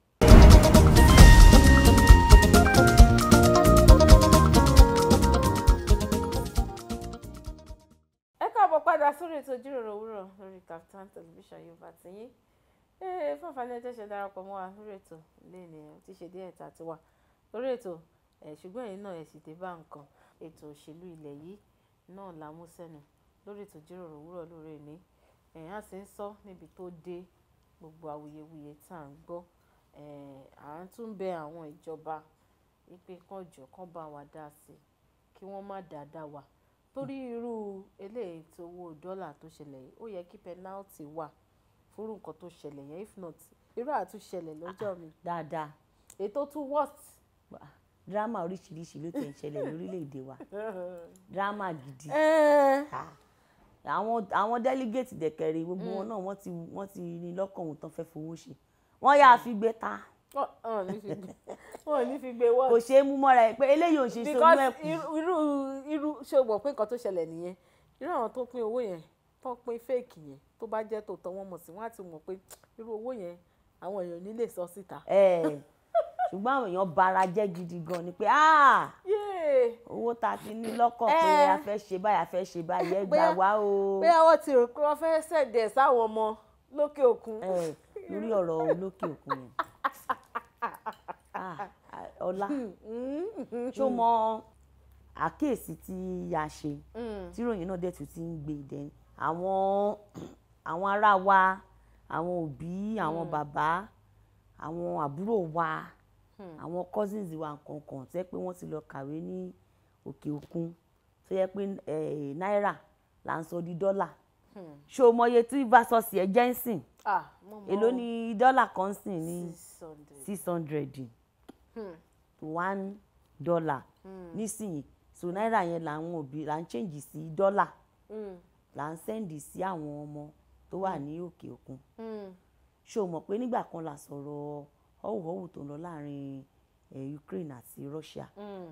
káàbọ̀ padà sórí ètò ìjíròrò òwúrọ̀ lórí Kaftan television yorùbá ti yín fún àǹfààní ẹjẹ́ ṣe darapọ̀ mọ́ wa lórí ètò lẹ́nu ó ti ṣe díẹ̀ tá a ti wà lórí ètò ṣùgbọ́n èyí náà ẹ̀sìn dé bá nǹkan ètò òṣèlú ilẹ̀ yìí náà la mú sẹ́nu lórí ètò ìjíròrò òwúrọ̀ lórí èní a sì ń sọ níbi tó dé gbogbo awuyewuye tá à ń gbọ́ à ń tún bẹ àwọn ìjọba wípé kán bá wa dá sí kí wọ́n má dáadáa wà torí irú eléyìí tó owó dọ́là tó ṣẹlẹ̀ yìí ó yẹ kí penalty wà fúrú nǹkan tó ṣẹlẹ̀ yẹn if not irú àtúnṣẹlẹ̀ lọ́jọ́ mi. Ah, dáadáa. ètò tún what. drama oríṣiríṣi ló ti ń ṣẹlẹ̀ lórílẹ̀‐èdè wa *laughs* drama gidi. Eh. Ah, àwọn àwọn delegate dẹ̀kẹ̀rẹ̀ gbogbo mm. wọn náà wọ́n ti ní lọ́kàn òun tán fẹ́ fowó ṣe wọ́n yáa mm. fi gbé ta wọn ò ní fi gbé wọ́ọ̀tì. kò ṣeé mú mọ́ra ẹ pé eléyìí ò ṣe é sọmú ẹ kù. irú irú ṣé o mọ̀ pé nǹkan tó ṣẹlẹ̀ nìyẹn irú àwọn tó pín owó yẹn tó pín fake yẹn tó bá jẹ́ tòótọ́ wọn mọ̀ sí wọn àti mọ̀ pé irú owó yẹn àwọn èèyàn ní lè sọ síta. ṣùgbọ́n àwọn èèyàn bara jẹ́ gidi gan ni pé ah, owó ta ti ní lọ́kàn pé eh. a fẹ́ ṣe báyìí a fẹ́ ṣe báyìí ẹ gbà wá o. pé àwọn ti rò pé wọ́n fẹ́ sẹ̀dẹ̀ sáwọn ọmọ lókè òkun. Eh, lórí ọ̀rọ̀ olókè òkun yẹn ọlá hmm, hmm. ṣó mọ àkíyèsí tí a ṣe hmm. tí ìròyìn náà dẹ̀ tún ti ń gbé dẹ̀ àwọn àwọn ará wa àwọn òbí àwọn bàbá àwọn àbúrò wa àwọn cousins wa kankan tẹ́ pé wọ́n ti lọ kàwé ní òkè òkun tó yẹ pé náírà là ń sọ di dọ́là ṣó mọye tí vasọsì ẹ jẹ́nsìn ah, èló ni dọ́là kan sìn ní six hundred one dollar hmm. nísìnyí so náírà yẹn làwọn òbí là ń change sí dollar. Hmm. là ń sẹ́ndì sí àwọn ọmọ tó wà ní òkè òkun hmm. ṣé o mọ̀ pé nígbà kan la sọ̀rọ̀ họ́wùhọ́wù tó ń lọ láàrin Ukraine àti Russia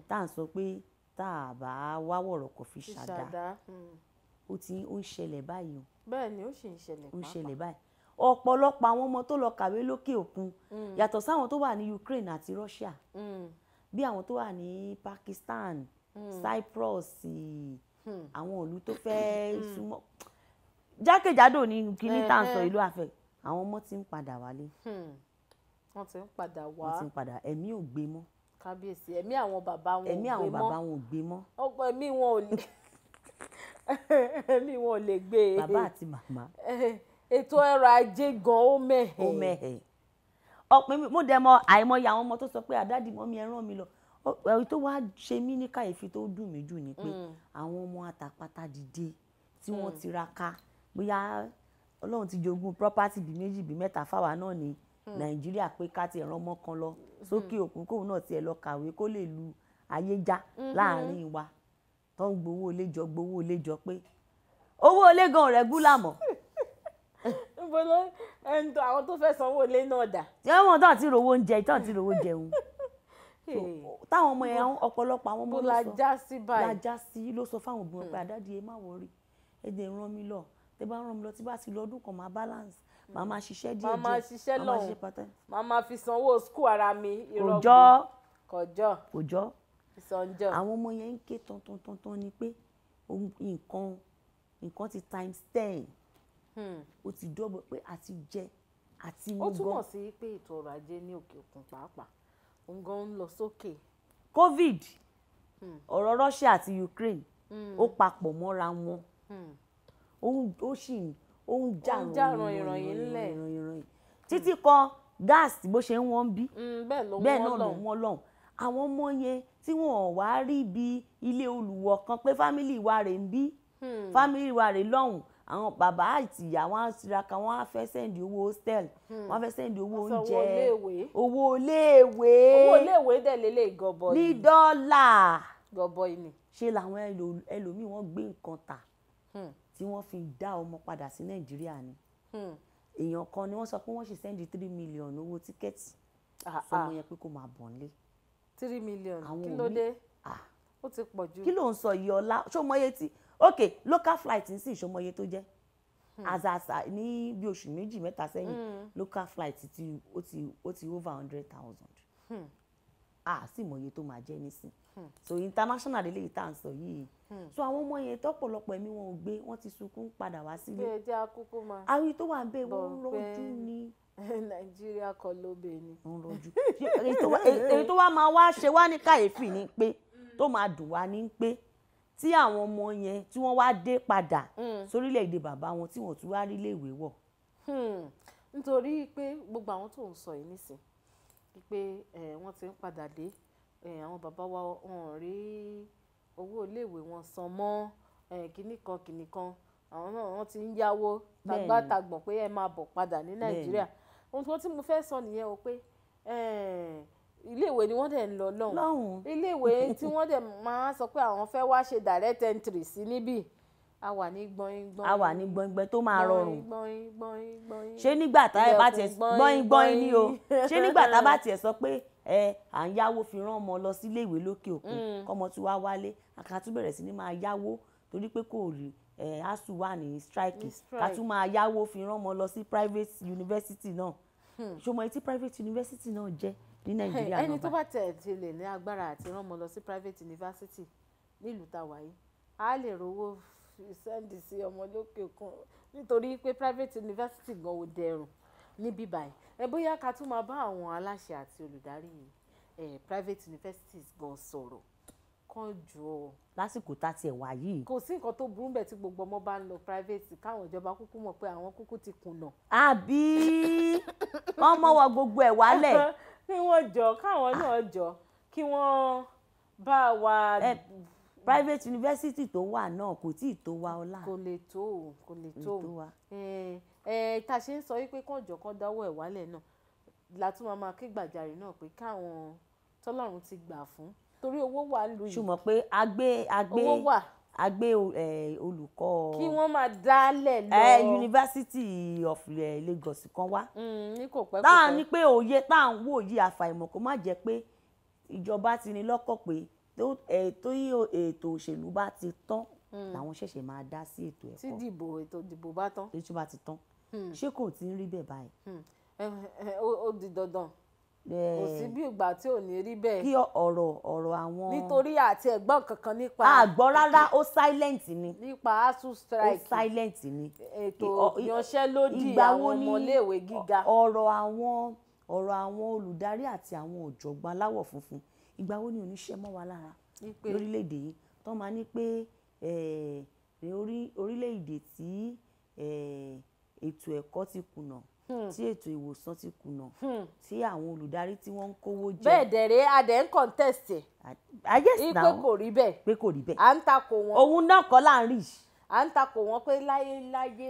tá à ń sọ pé tá a bá wá wọ̀rọ̀ kò fi ṣàdá ó ti ń ṣẹlẹ̀ báyìí o bẹ́ẹ̀ ni ó sì ń ṣẹlẹ̀ pàápàá ń ṣẹlẹ̀ báyìí ọ̀pọ̀lọpọ̀ àwọn ọmọ tó lọ kàwé lókè òkun mm. yàtọ̀ sáwọn tó wà ní Ukraine àti Russia mm. bí àwọn tó wà ní Pakistan mm. Cyprus hmm. àwọn ìlú tó fẹ́ súnmọ́ jákèjádò ní kíní tàǹsọ ìlú àfẹ àwọn ọmọ ti ń padà wálé. Hmm. wọ́n ti ń padà wá wọ́n ti ń padà ẹ̀mí ò gbé mọ́. kábíyèsí ẹ̀mí àwọn bàbá wọn ò gbé mọ́ ẹ̀mí àwọn bàbá wọn ò gbé mọ́. ọ̀pọ̀ *laughs* ẹ̀mí wọn ò lè gbé bàbá àti màmá ètò ọrọ̀ ajé gan ó mẹ̀hẹ̀. ó mẹ̀hẹ̀ ọ̀pẹ mo dẹ̀ mọ àìmọye àwọn ọmọ tó sọ pé àdádì mọ́ mi ẹ rán mi lọ ẹ̀rí tó wá ṣe mí ní kàyéfì tó dùn mí jù ni pé mm. àwọn ọmọ àtàpátá dìde tí mm. wọ́n tiraka bóyá ọlọ́run ti jogún property bíi méjì bíi mẹ́ta fáwa náà ní mm. nàìjíríà pé ká ti ẹ̀rọ ọmọ kan lọ mm-hmm. sókè òkun kóun náà tiẹ̀ lọ kàwé kó lè lu ayé já mm-hmm. láàrin wa tó ń gbowó ilé jọ gbowó ilé jọ pé owó ilé gan rẹ̀ gúlà níbo ló ẹni tó àwọn tó fẹ́ sanwó ilé náà dà. ẹ̀wọ̀n tó àti rówó oúnjẹ tó àti rówó jẹun táwọn ọmọ yẹn ọ̀pọ̀lọpọ̀ àwọn ọmọ ló sọ la já sí ló sọ fáwọn òbí wọn pé hmm. àdáde ẹ má wọrí ẹ dẹ̀ ràn mí lọ tẹ bá ràn mí lọ tí bá ti lọ ọdún kan máa balance hmm. màá máa ṣiṣẹ́ díẹ̀ díẹ̀ màá máa ṣiṣẹ́ lọ́hùn màá máa fi sanwó skul ara mi ìrọ̀gbọ̀n kọjọ́ kọjọ́ ìsọ̀njọ́ àwọn ọmọ yẹn ń ké tọ̀ntọ̀ntọ̀ntọ̀ ni pé nǹkan nǹkan ti times ten Hmm. ó ti dọ́gbọ́n pé àti jẹ àti mú gan. ó túmọ̀ sí pé ètò ọrọ̀ ajé ní òkè òkun pàápàá òun gan ń lọ sókè. covid hmm. ọ̀rọ̀ Russia àti Ukraine hmm. ó papọ̀ mọ́ra wọn ó sì ó ń jà ràn ìrànyìn ńlẹ̀ títí kan gas bó ṣe ń wọ́n bí bẹ́ẹ̀ náà ló wọ́n lọ́hùn àwọn ọmọ yẹn tí wọn ò wá rí bí ilé olùwọ̀ kan pé fámìlì wa rè ń bí fámìlì wa rè lọ́hùn àwọn bàbá àti ìyá wọn á tiraka wọn á fẹ́ sẹ́ndì owó hostel hmm. wọn á fẹ́ sẹ́ndì owó oúnjẹ owó iléèwé owó iléèwé dẹ̀ lélẹ̀ gọbọ ní dọ́là gọbọ ni. ṣe làwọn ẹlòmíì wọ́n gbé nǹkan tà hmm. tí wọ́n fi dá ọmọ padà sí nàìjíríà ni hmm. èèyàn kan ni wọ́n sọ pé wọ́n ṣe sẹ́ndì three million owó tíkẹ́ẹ̀tì sọmọ ah, ah. yẹn pé kó máa bọ̀ nílé. three million kí ló dé ah. ó ti pọ̀ jù. kí ló ń sọ yìí ọlá ṣó mọ iye tí ok local flight ń sì ìṣọmọye tó jẹ́ azàṣà ní bí oṣù méjì mẹ́ta sẹ́yìn hmm. local flight ti ó ti ó ti over hundred thousand hmm. a sì mọye tó máa jẹ́ nísìn hmm. so international lè tá à ń sọ yìí so àwọn ọmọ yẹn tọ́pọ̀lọpọ̀ ẹ̀mí wọn ò gbé wọ́n ti sunkún padà wá sílé àwọn tó wà ń bẹ wọ́n ń rọjú ni *laughs* nàìjíríà kọ lóbe ni. *laughs* èyí tó wá máa wá ṣe wá ní kàyéfì ni pé tó máa dùn wá ní pé tí àwọn ọmọ yẹn tí wọ́n wá dé padà hmm. sórílẹ̀-èdè bàbá wọn tí wọ́n tún wá rí léèwé wọ̀. Hmm. nítorí pé gbogbo àwọn tó ń sọ yìí nísìn pé wọ́n ti ń padà dé àwọn bàbá wa wọn rí owó iléèwé wọn san mọ́ kínní kan kínní kan àwọn náà wọ́n ti ń yáwó tagbátàgbọ̀n pé ẹ máa bọ̀ padà ní nàìjíríà ohun tí mo fẹ́ sọ nìyẹn o pé iléèwé ni wọ́n dẹ̀ ń lọ lọ́hùn iléèwé tí wọ́n dẹ̀ máa sọ pé àwọn fẹ́ wá ṣe direct entry sí níbí a wà ní gbọ́yìn gbọ́yìn a wà ní gbọ́yìn gbọ́yìn tó máa rọrùn gbọ́yìn gbọ́yìn gbọ́yìn ṣé nígbà tá a bá tiẹ̀ gbọ́yìn gbọ́yìn ni o ṣé nígbà tá a bá tiẹ̀ sọ pé ẹ à ń yáwó fi rán ọmọ lọ sí iléèwé lókè òkun kọ́mọ tí wàá wálé àkàtú bẹ̀rẹ̀ sí ni máa yáwó torí pé kò rí asu wà ní strike ká tún máa yáwó fi rán ọmọ lọ sí private university náà ṣọmọ etí private university náà jẹ́ ní nàìjíríà náà ẹni tó bá tẹ̀ ti lè ní agbára àti rán ọmọ lọ sí private university nílùú tàwa yìí a lè rówó sẹ́ndì sí ọmọ lókè nítorí pé private university gan ò dẹrùn níbí báyìí ẹ bóyá ká tún máa bá àwọn aláṣẹ àti olùdarí private universities gan sọ̀rọ̀ kan jù ọ. lásìkò tá a tiẹ̀ wá yìí. kò sí nǹkan tó burú bẹ́ẹ̀ tí gbogbo ọmọ bá ń lọ private káwọn ìjọba kúkú mọ̀ pé àwọn kúkú ti kùnà. àbí ọmọ wọ gbogbo ẹ̀ wálẹ̀ *laughs* pé wọ́n jọ káwọn náà jọ kí wọ́n bá wa. private university tó wà náà kò tí ì tó wa ọlá. kò lè tó o kò lè tó o ta ṣe ń sọ wípé kànjọ kan dáwọ́ ẹ̀ wálẹ̀ náà látún máa máa ké gbàjarè náà pé káwọn tọ́lọ́run ti gbà fún torí owó wà lóyún. ṣùgbọ́n pé agbe, agbe owó wà a gbé olùkọ́ kí wọ́n máa dálẹ̀ lọ University of Lagos kan wá mm, ní kò pẹ́ kò pẹ́ tá à ní pé òye tá à ń wò yìí àfàìmọ̀ kó má jẹ́ pé ìjọba ti ní lọ́kọ̀ pé tó yí ètò òṣèlú bá ti tán mm. làwọn ṣẹ̀ṣẹ̀ máa dá sí ètò ẹ̀kọ́ tí dìbò ètò ìdìbò bá tán ètò bá ti tán mm. ṣé kò tí ń rí bẹ́ẹ̀ báyìí. ó di dandan kò sí bí ìgbà tí ò ní rí bẹ́ẹ̀. kí ọ̀rọ̀ ọ̀rọ̀ àwọn. nítorí àti ẹ̀gbọ́n kankan nípa. àgbọ̀ rárá ó silent ni. nípa asu strike. ó silent ni. ètò ìyanṣẹ́lódì àwọn ọmọléèwé gíga. ọ̀rọ̀ àwọn ọ̀rọ̀ àwọn olùdarí àti àwọn ọ̀jọ̀gbọ́n aláwọ̀ funfun ìgbà wo ni oníṣẹ́ mọ́ wa lára lórílẹ̀‐èdè yìí tó máa ní pé orílẹ̀ tí ètò ẹ̀kọ́ ti kùnà Hmm. tí ètò ìwòsàn ti kùnà hmm. tí àwọn olùdarí tí wọ́n ń kówó jẹ. bẹ́ẹ̀ dẹ̀rẹ́ adẹ̀ ń contest ẹ̀. ayẹ́sì ah, ah, náà pé kò rí bẹ́ẹ̀ pé kò rí bẹ́ẹ̀. à ń takò wọn. òun náà kọ́ là ń rí yìí à ń takò wọn pé láyéláyé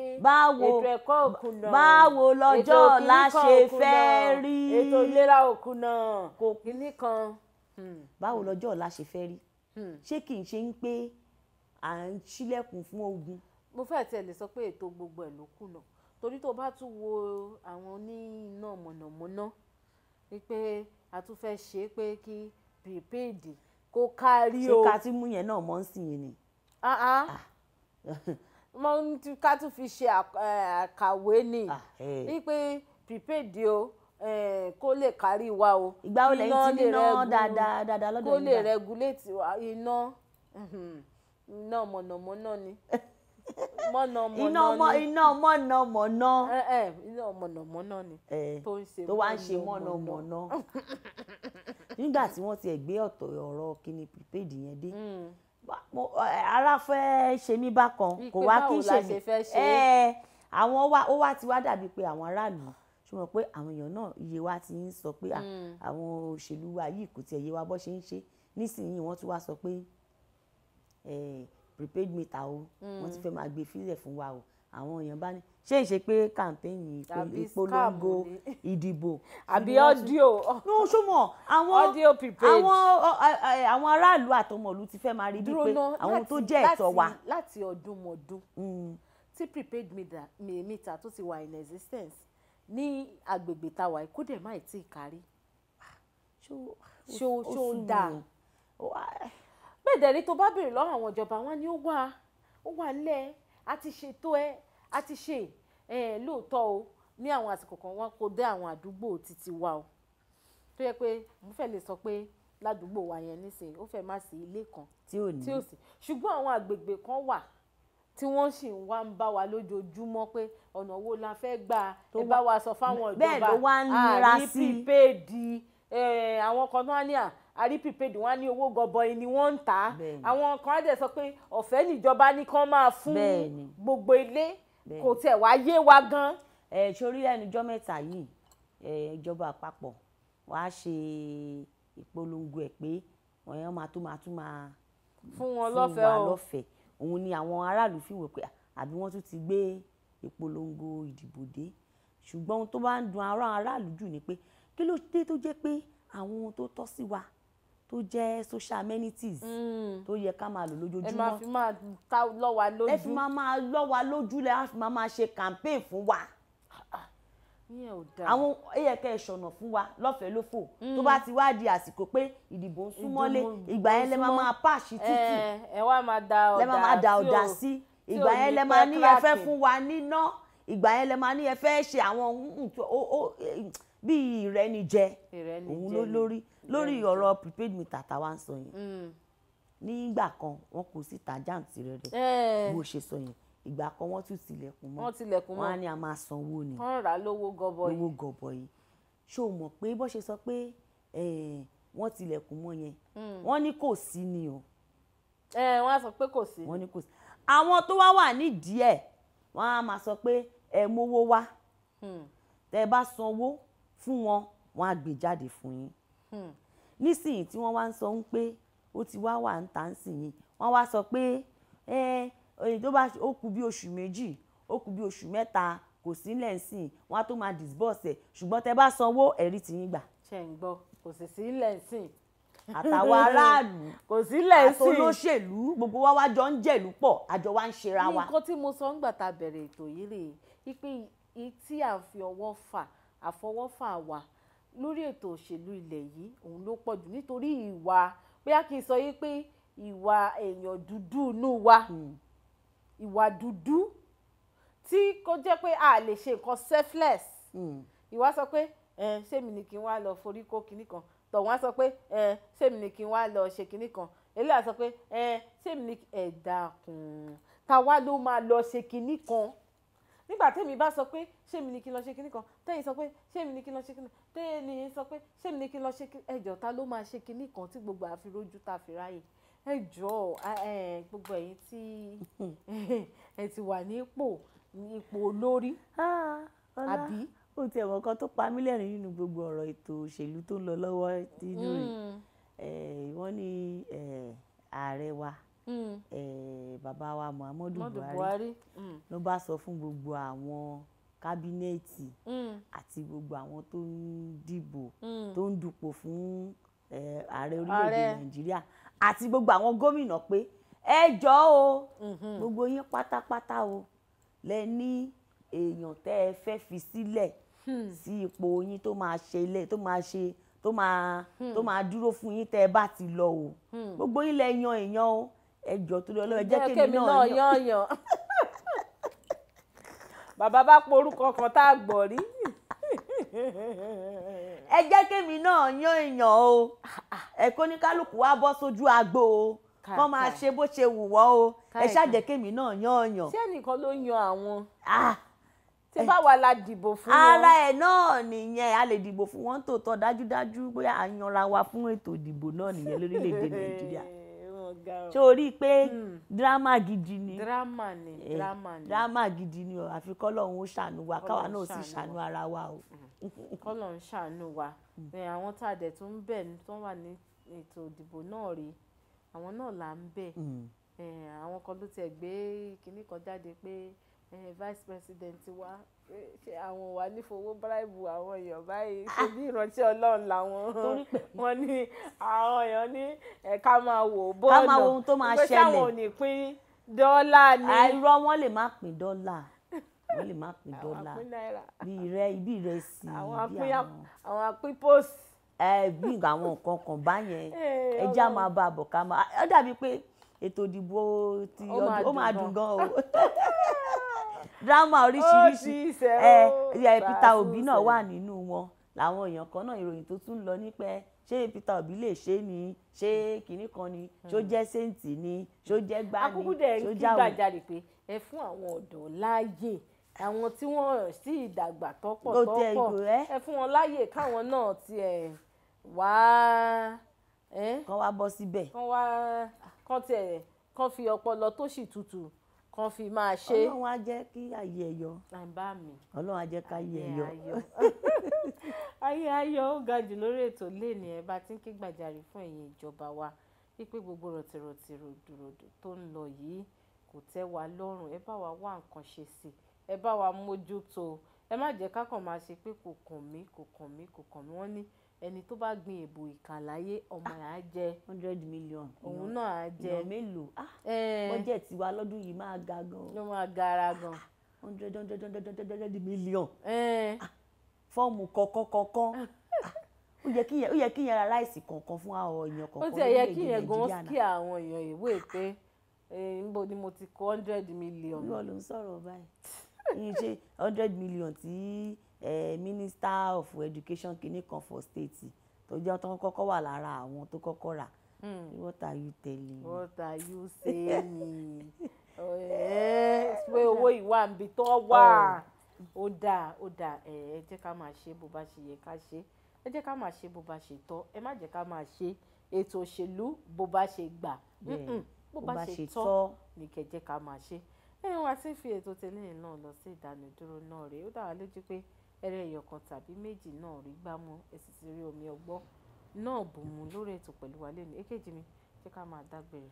ètò ẹ̀kọ́ òkúnà hmm. báwo lọ́jọ́ ọ̀la ṣe fẹ́ rí ètò ìlera òkúnà kò kíní kan. báwo lọ́jọ́ ọ̀la ṣe fẹ́ rí ṣé kì í ṣe ń pé à ń ṣílẹ̀kùn fún ogun. mo fẹ́ tẹ̀lé sọ pé ètò gbogbo ẹ̀ ló kùnà torí tó bá tún wo àwọn oní iná mọ̀nàmọ́ná wípé a tún fẹ́ ṣe é pé kí prepaid kó kárí o. ṣé ká tí mú yẹn náà mọ́ ń sìn yẹn ni. Ah, ah. Ah. *laughs* mo ń ti ká tún fi ṣe àkàwé ni wípé prepaid o kó lè kárí wa o. ìgbà wo lẹ́yìn tí níná dáadáa dáadáa lọ́dọ̀ yìí kó lè regulate iná *laughs* iná mọ̀nàmọ́ná ni. *laughs* iná mọ̀nàmọ́ná. iná mọ̀nàmọ́ná ni tó ń ṣe mọ̀nàmọ́ná. tó wá ń ṣe mọ̀nàmọ́ná. nígbà tí wọ́n ti ẹ̀ gbé ọ̀tọ̀ ọ̀rọ̀ kíni prepaid yẹn dé hmm. ara fẹ́ ṣe mí bákan kò wá kí ṣe mí àwọn ó wá ti wá dàbí pé àwọn aráàlú ṣùgbọ́n pé àwọn èèyàn náà iye wa ti ń sọ pé hmm. àwọn òṣèlú wa yìí kò tiẹ̀ yé wa bọ́ ṣe ń ṣe nísìnyí wọ́n tún wá sọ pé prepaid meter o wọ́n ti mm. fẹ́ máa gbé fílẹ̀ fún wa o àwọn èèyàn bá ní ṣé ìṣe pé kàmpẹ́ẹ̀nì ìpolongo ìdìbò àbí ọ́díò no ṣùgbọ́n àwọn àwọn àwọn aráàlú àtọmọ̀lú ti fẹ́ máa rí bíi pé àwọn tó jẹ́ ẹ̀tọ́ wa. láti ọdún mọ́dún mm. tí prepaid meter tó ti wà in existence ní agbègbè tàwa kó dẹ̀ má ì tí ì kárí ah, ṣó ṣó dáa bẹ́ẹ̀ dẹ̀ rí tó bá béèrè lọ́rùn àwọn ìjọba wọn ni ó wà ó wà lẹ̀ a ti ṣètò ẹ a ti ṣe ẹ lóòótọ́ o ní àwọn àsìkò kan wọn kò dé àwọn àdúgbò títí wa o tó yẹ pé mo fẹ́ lè sọ pé ládùúgbò wa yẹn nísìnyí ó fẹ́ má sí ilé kan tí ò ní tí ò sí ṣùgbọ́n àwọn àgbègbè kan wà tí wọ́n sì ń wá ń bá wa lójoojúmọ́ pé ọ̀nà wo la fẹ́ gbà ẹ bá wa sọ fáwọn ìjọba àrí pípéèdì àwọn kan náà ní à àrí prepaid wọn á ní owó gọbọi ni wọ́n ń tà á àwọn kan á dẹ̀ sọ pé ọ̀fẹ́ níjọba ní kán máa fún gbogbo ilé kò tẹ̀ wá yé wa gan. ẹ sórí ẹnujọ́ mẹ́ta yìí ìjọba àpapọ̀ wàá ṣe ìpolongo ẹ̀ pé wọ́n yẹn máa tún máa tún máa fún wọn lọ́fẹ̀ẹ́ òun ni àwọn aráàlú fi pé àbí wọ́n tún ti gbé ìpolongo ìdìbò dé ṣùgbọ́n ohun tó bá ń dun aráàlú jù ni pé kí ló dé tó jẹ́ pé àwọn ohun tó tọ́ sí wa tó jẹ́ social amenities mm. tó yẹ ká máa lò lójoojúmọ́ ẹ máa fi máa ta lọ́ wa lójú ẹ fi máa máa lọ́ wa lójú lẹ́ á fi máa máa ṣe campaign fún wa àwọn eyẹkẹ ìṣọ̀nà fún wa lọ́fẹ̀ẹ́ lófò tó mm. bá ti wá di àsìkò pé ìdìbò ń súnmọ́lé ìgbà yẹn lẹ máa máa pàṣí títì ẹ wá máa da ọ̀dà sí ìgbà yẹn lẹ máa ní ẹ fẹ́ fún wa níná ìgbà yẹn lẹ máa ní ẹ fẹ́ ṣe àwọn bíi ìrẹ́nijẹ òun ló lórí lórí ọ̀rọ̀ prepaid meter táwa ń sọ yẹn mm. nígbà kan wọn kò sí tàjáǹtì rẹ rẹ eh. bó ṣe sọ yẹn ìgbà kan wọn tún tilẹ̀kùn mọ́ wọn tilẹ̀kùn mọ́ wọn á ní a máa sanwó ni wọn rà lówó gọbọyì lówó gọbọyì ṣó mọ̀ pé bó ṣe sọ pé wọn tilẹ̀kùn mọ́ yẹn hmm. wọn ní kò sí ni o. ẹ eh, wọn á sọ pé kò sí. wọn ní kò sí àwọn tó wá wà nídìí ẹ wọn á máa sọ pé ẹ mówó wá hmm. tẹ ẹ bá sanwó fún wọn wọn á gbé jáde fún yín Hmm. nísìnyí tí wọ́n wá ń sọ ń pé ó ti wá wà ń tà ń sìn yìí wọ́n wá sọ pé ẹ tó bá ó kù bí oṣù méjì ó kù bí oṣù mẹ́ta kò sílẹ̀ ń sìn wọ́n á tó máa disburse ẹ̀ ṣùgbọ́n tẹ bá sanwó ẹ̀rí ti yín gbà. ṣe ń gbọ́ kò sì sílẹ̀ ń sìn. àtàwọn *laughs* aráàlú kò sílẹ̀ ń sìn àtolóṣèlú gbogbo wa wá jọ ń jẹ̀lú pọ̀ àjọ wa ń ṣera wa. nǹkan tí mo sọ ń gbà ta bẹ̀rẹ̀ ètò yìí rèé ipe tí à ń fi ọwọ́ fà àfọwọ́fà wa lórí ètò òṣèlú ilẹ̀ yìí òun ló pọ̀ jù nítorí ìwà bóyá kí n sọ yìí pé ìwà èèyàn dúdú inú wa hmm. ìwà dúdú tí kò jẹ́ pé a lè ṣe nǹkan selfless hmm. ìwà sọ pé ṣé mi ni kí n wá lọ forí kó kinní kan tọ̀wọ́n sọ pé ṣé mi ni kí n wá lọ ṣe kinní kan eléyà sọ pé ṣé mi ni ẹ dákun táwa ló máa lọ ṣe kinní kan nígbà tẹ́mi bá sọ pé ṣé mi ni kí n lọ ṣe kinní kan tẹ́yìn sọ pé ṣé mi ni kí n lọ ṣe kinní kan tẹ́yìn ni sọ pé ṣé mi ni kí n lọ ṣe ẹjọ́ ta ló máa ṣe kinní kan tí gbogbo àfirójú ta fi ráyè ẹjọ́ gbogbo ẹ̀yin tí *laughs* ẹ ti wà ní ipò ipò olórí àbí. ó ti ẹ̀wọ̀n kan tó pa mí lẹ́rìn nínú gbogbo ọ̀rọ̀ ètò òṣèlú tó ń lọ lọ́wọ́ nínú rẹ̀ hmm. wọ́n ní ààrẹ wa Mm. Eh, bàbá wa Muhammadu Buhari mm. ló bá sọ fún gbogbo àwọn kábínẹ̀tì mm. àti gbogbo àwọn tó ń dìbò tó ń dupò fún eh, ààrẹ orílẹ̀-èdè Nàìjíríà àti gbogbo àwọn gómìnà pé ẹ jọ o mm-hmm. gbogbo yín pátápátá o lẹ ní èèyàn tẹ́ ẹ fẹ́ fi sílẹ̀ hmm. sí ipò yín tó máa ṣe ilé tó máa ṣe tó máa tó hmm. máa dúró fún yín tẹ́ ẹ bá ti lọ o hmm. gbogbo yín lẹ yan èèyàn o ẹjọ tó lọ lọ́wọ́ ẹ jẹ́ kémi náà yàn yàn bàbá bá porúkọ kan tá a gbọ̀ rí ẹ jẹ́ kémi náà yàn èèyàn o ẹ̀kọ́ ní kálukú wa bọ́ sójú agbo o wọ́n máa ṣe bó ṣe wù wọ́n o ẹ ṣàjẹ́ kémi náà yàn yàn. ṣé ẹnìkan ló yan àwọn tí báwa la dìbò fún wọn. ara ẹ̀ náà nìyẹn a lè dìbò fún wọn tòótọ́ dájúdájú bóyá à wa fún ètò ìdìbò náà nìyẹn lórílẹ̀‐èdè nàìjíríà sórí pé hmm. dírámà gidi ni drama ni eh, dírámà ni dírámà gidi ni o àfi kọ́lọ́hún ó ṣàánú wa káwa náà sì ṣàánú ara wa o. Hmm. kọ́lọ́hún ṣàánú wa hmm. àwọn tá a dẹ̀ tó ń bẹ̀ tó wà ní ètò ìdìbò náà rí àwọn náà là ń bẹ̀ àwọn kan ló tiẹ̀ gbé kinní kan jáde pé. Mm Eh, vice president wa ṣe àwọn wà nífowó bíráìbù àwọn èèyàn báyìí ṣe bí ìrántí ọlọ́run làwọn *laughs* wọn ní àwọn èèyàn ní ẹ̀ka máa wò bọ́ọ̀lù ká máa wo ohun tó máa ṣẹlẹ̀ pé sáwọn ò ní pín dọ́là ni. àìrọ ah, wọn lè má pín dọ́là wọ́n lè má pín dọ́là bí rẹ ibi rẹ sí i bí àwọn. àwọn apín post. ẹ eh, bí àwọn nǹkan kan báyẹn *laughs* eh, ẹja máa bá a bọ̀ ká máa ó dàbí pé ètò ìdìbò ti ọdún ó máa dùn gan o. *laughs* drama oh, oríṣiríṣi ẹ oh, ẹ Peter Obi náà wà nínú wọn làwọn èèyàn kan náà ìròyìn tó tún lọ nípẹ́ ṣé Peter Obi lè ṣe ni ṣé kinní kan ni ṣó hmm. jẹ́ sẹ́ǹtì ni ṣó jẹ́ gbá ni ṣó jáwé. akókó dẹ̀ kí gbàjarè pé ẹ fún àwọn ọ̀dọ́ láàyè àwọn tí wọ́n sì dàgbà tọ́pọ̀ tọ́pọ̀ eh? ẹ fún wọn láàyè káwọn náà tiẹ̀ wá. kán wá bọ́ síbẹ̀. kán wá kán tiẹ̀ kán fi ọpọlọ tó sì tutù kan fi máa ṣe. ọlọ́run á jẹ́ kí ayé ẹ yọ. àìbá mi. ọlọ́run á jẹ́ kí ayé ẹ yọ. *laughs* ayé ayọ̀ ó ga jù lórí ètò léèní ẹ bá ti ń ké gbàjarì fún ẹ̀yin ìjọba wa wípé gbogbo rọ̀tìrọ̀tì ròdòròdò tó ń lọ yìí kò tẹ́ wa lọ́rùn ẹ bá wa wá nǹkan ṣe sí i ẹ bá wa mójútó ẹ má jẹ́ ká kàn máa ṣe pé kò kàn mí kò kàn mí kò kàn mí wọ́n ní ẹni tó bá gbin èbò ìkà láyé ọmọ yà á jẹ hundred million òun náà á jẹ èèyàn mélòó ah, budget tiwa lọ́dún yìí máa ga gan. ló máa gara gan. Ah, hundred hundred hundred hundred hundred million ah, fọ́ọ̀mù kọ̀ọ̀kan kọ̀ọ̀kan ó yẹ kí yẹn ó yẹ kí yẹn ra láìsí kọ̀ọ̀kan fún àwọn èèyàn kọ̀ọ̀kan lórílẹ̀-èdè nàìjíríà náà ó ti yẹ kí yẹn gan kí àwọn èèyàn ìwé pé níbo ni mo ti kó hundred million. olúwa ló ń sọ̀rọ̀ báyìí ṣe hundred million tí eh, minister of education kìíní kan for state tó jẹ́ tó kọ́kọ́ wà lára àwọn tó kọ́kọ́ rà hmm. what are you telling me. what are you *laughs* saying. Oh, eh, pé owó ìwà ń bi tó wà oh. ó dáa ó dáa eh, ẹ jẹ́ ká máa ṣe bó bá ṣe yẹ ká ṣe ẹ jẹ́ ká máa ṣe bó bá ṣe tọ́ ẹ má jẹ́ ká máa ṣe ètò òṣèlú bó bá ṣe gbà bó bá ṣe tọ́ ni kẹ́ jẹ́ ká máa ṣe. ẹ̀yin wa ti fi ètò tẹ́lẹ̀ náà lọ sí ìdánidúró náà rèé ó dá wa lójú pé ẹlẹ́yọ̀ kan tàbí méjì náà rí gbámú ẹ sì ti rí omi ọgbọ́n náà bù mu lórí ètò pẹ̀lú wa lónìí èkejì mi jẹ́ ká máa dágbére.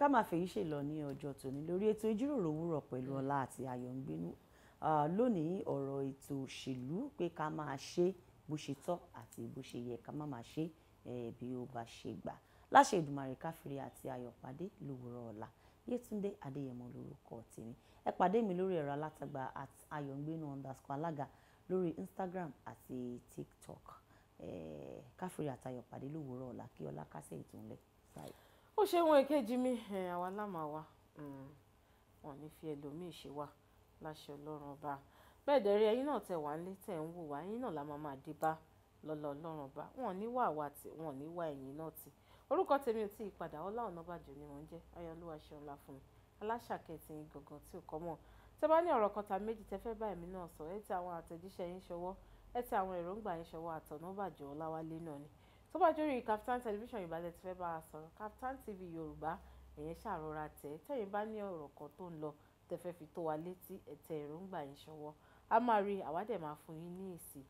ká máa fèyí ṣe lọ ní ọjọ́ tòní lórí ètò ìjíròrò òwúrọ̀ pẹ̀lú Ọlá àti Ayọ̀ǹgbénú lónìí ọ̀rọ̀ ètò òṣèlú pé ká máa ṣe bó ṣe tọ́ àti bó ṣe yẹ ká má máa ṣe bí ó bá ṣe gbà láṣẹ Èdùmàrè káfíńrì àti ayọ̀pàdé lówùúrọ̀ ọ̀la Yétúndé Adéyẹmọ lórúkọ tèmi ẹ pàdé mi lórí ẹ̀rọ alátagbà at Ayọ̀ǹgbénú underscore alága lórí Instagram àti TikTok káfíìrì àtayọ̀ pàdé lówùúrọ̀ ọ̀la kí ọlá kásẹ̀ ìtúnlẹ̀ sáyé. ó ṣeun èkejì mi àwa lámà wa wọn mm, ní fi ẹlòmíì ṣe wá láṣẹ ọlọ́run ọba bẹ́ẹ̀ dẹ̀rẹ́ ẹ̀yin náà tẹ̀ wá ń lé tẹ̀ ń wò wá ẹ̀yin náà la máa máa dé bá lọ́lọ́ ọlọ́run ọba wọn ní wà wá tí wọn ní wà ẹ̀yin náà tí orúkọ tèmi ò tí ì padà Ọlá Ọ̀nàbàjọ́ ni mò ń jẹ́ ayọ̀lúwa ṣeun la fún mi aláṣàkẹ́ tí ń gangan tí ò kọ́ mọ́ Tẹ́ bá ní ọ̀rọ̀ kan tàbí méjì tẹ́ fẹ́ bá èmi náà sọ, ẹ tẹ àwọn àtẹ̀jíṣẹ́ yín ṣọwọ́, ẹ tẹ àwọn èròǹgbà yín ṣọwọ́ àtọ̀nàbàjọ́ Ọláwálé náà ni. Tó bá jẹ́ orí Television Yorùbá lẹ ti fẹ́ bá wa sọ̀rọ̀, Kaftan TV Yorùbá, ẹ̀yẹn ṣàrọ̀ra tẹ̀. Tẹ́yin bá ní ọ̀rọ̀ kan tó ń lọ tẹ́ fẹ́ fi tó wa létí, ẹ tẹ èròǹgbà yín ṣọwọ́. A máa rí àwa máa fún yín ní èsì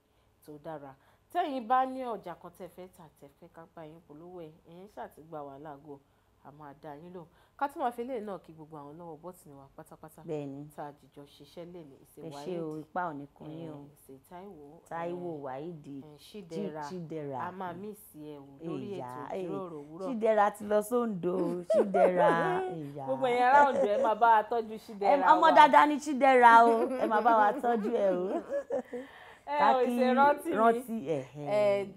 tó dára. Tẹ́yin bá ní ọjà kan tẹ́ fẹ́ tà, tẹ́ fẹ́ ká yín polówó ẹ̀, ẹ̀yẹn ṣà ti gbà a máa dá yín lò ká tún máa fi eléyìí náà kí gbogbo àwọn lọ́wọ́ bọ́tìnì wa pátápátá bẹ́ẹ̀ni tá a jìjọ ṣiṣẹ́ lèmi ìṣèwáyé ẹṣẹ o ipa òní kun yín o ṣe Táíwò Táíwò wáìdì Chidera a máa mí sí ẹ wò lórí ètò ìjíròrò òwúrọ̀ Chidera ti lọ sóńdò Chidera ìyá gbogbo ẹ̀yin ará Oǹdó ẹ máa bá wa tọ́jú Chidera wa ọmọ dáadáa ni Chidera o ẹ máa bá wa tọ́jú ẹ o *laughs* káàkiri rántí ẹ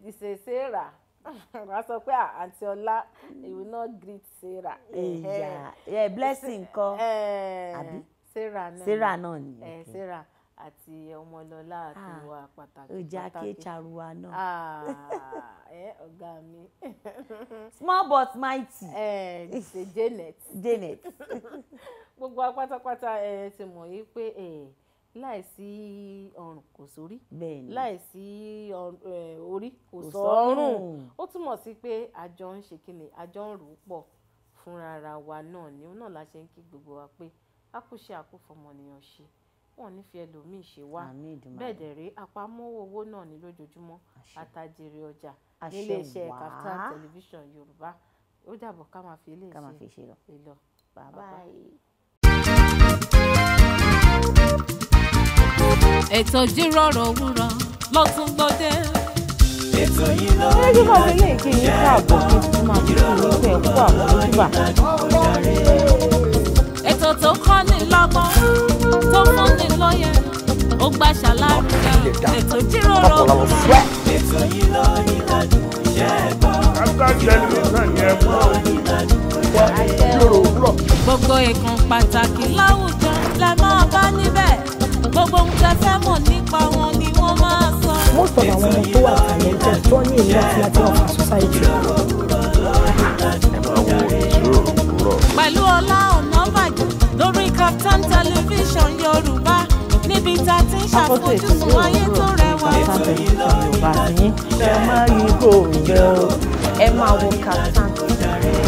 ìṣèṣe rà *laughs* wọ́n sọ pé ah, àǹtí ọlá you will not greet sarah. ìyá ẹ blessing kọ́ àbí sarah náà sarah náà ni. sarah àti ọmọlọlá àti ah, ìwà pàtàkì. ọjà ké charuwa náà. Ah, *laughs* ẹ ọ̀gá mi. small but mighty. ẹ ṣe janet. janet. *laughs* gbogbo apatapata ẹ ti mọ̀ yí pé. Eh, láìsí ọrùn kò sórí láìsí eh, orí kò sọ́rùn ó túmọ̀ sí pé àjọ ń ṣe kíni àjọ ń rò ó pọ̀ fúnra ara wa náà ni òun náà la ṣe ń kí gbogbo wa pé a kò ṣe àkófọmọnìyàn ṣe wọn ní fi ẹlòmíì ṣe wá bẹ́ẹ̀ dẹ̀ rí àpamọ́wọ́ owó náà ní lójoojúmọ́ àtàjèrè ọjà nílé iṣẹ́ Kaftan television Yorùbá ó dàbọ̀ ká máa fi ilé ìlọ bàbá yìí ètò ìjíròrò òwúrọ̀ ló tún gbòde. ètò yìí ló ń yọ ọ́ ilé ìkíni káàbọ̀ kí tún máa fi ìlú tẹ̀ kú àkójúbà. ètò tó kọ́ ni lọ́gbọ́n tó fún ni lóye ó gbà ṣàlàyé ètò ìjíròrò òwúrọ̀. ètò yìí ló ń yọ ìṣẹ́ ẹ̀kọ́. ká tẹlifíṣàn gbogbo ìkan pàtàkì láwùjọ la máa bá níbẹ̀ gbogbo ohun tá a fẹ́ mọ̀ nípa wọn ni wọ́n máa sọ. most of our ọmọ tó wà talented tó ní ìlú àti àti ọ̀fà society. pẹ̀lú Ọlá Ọ̀nàbàjọ lórí Kaftan television Yorùbá níbi tá a ti ń ṣàfojúsùn ayé tó rẹwà. ẹ máa yí kò ń wo Kaftan.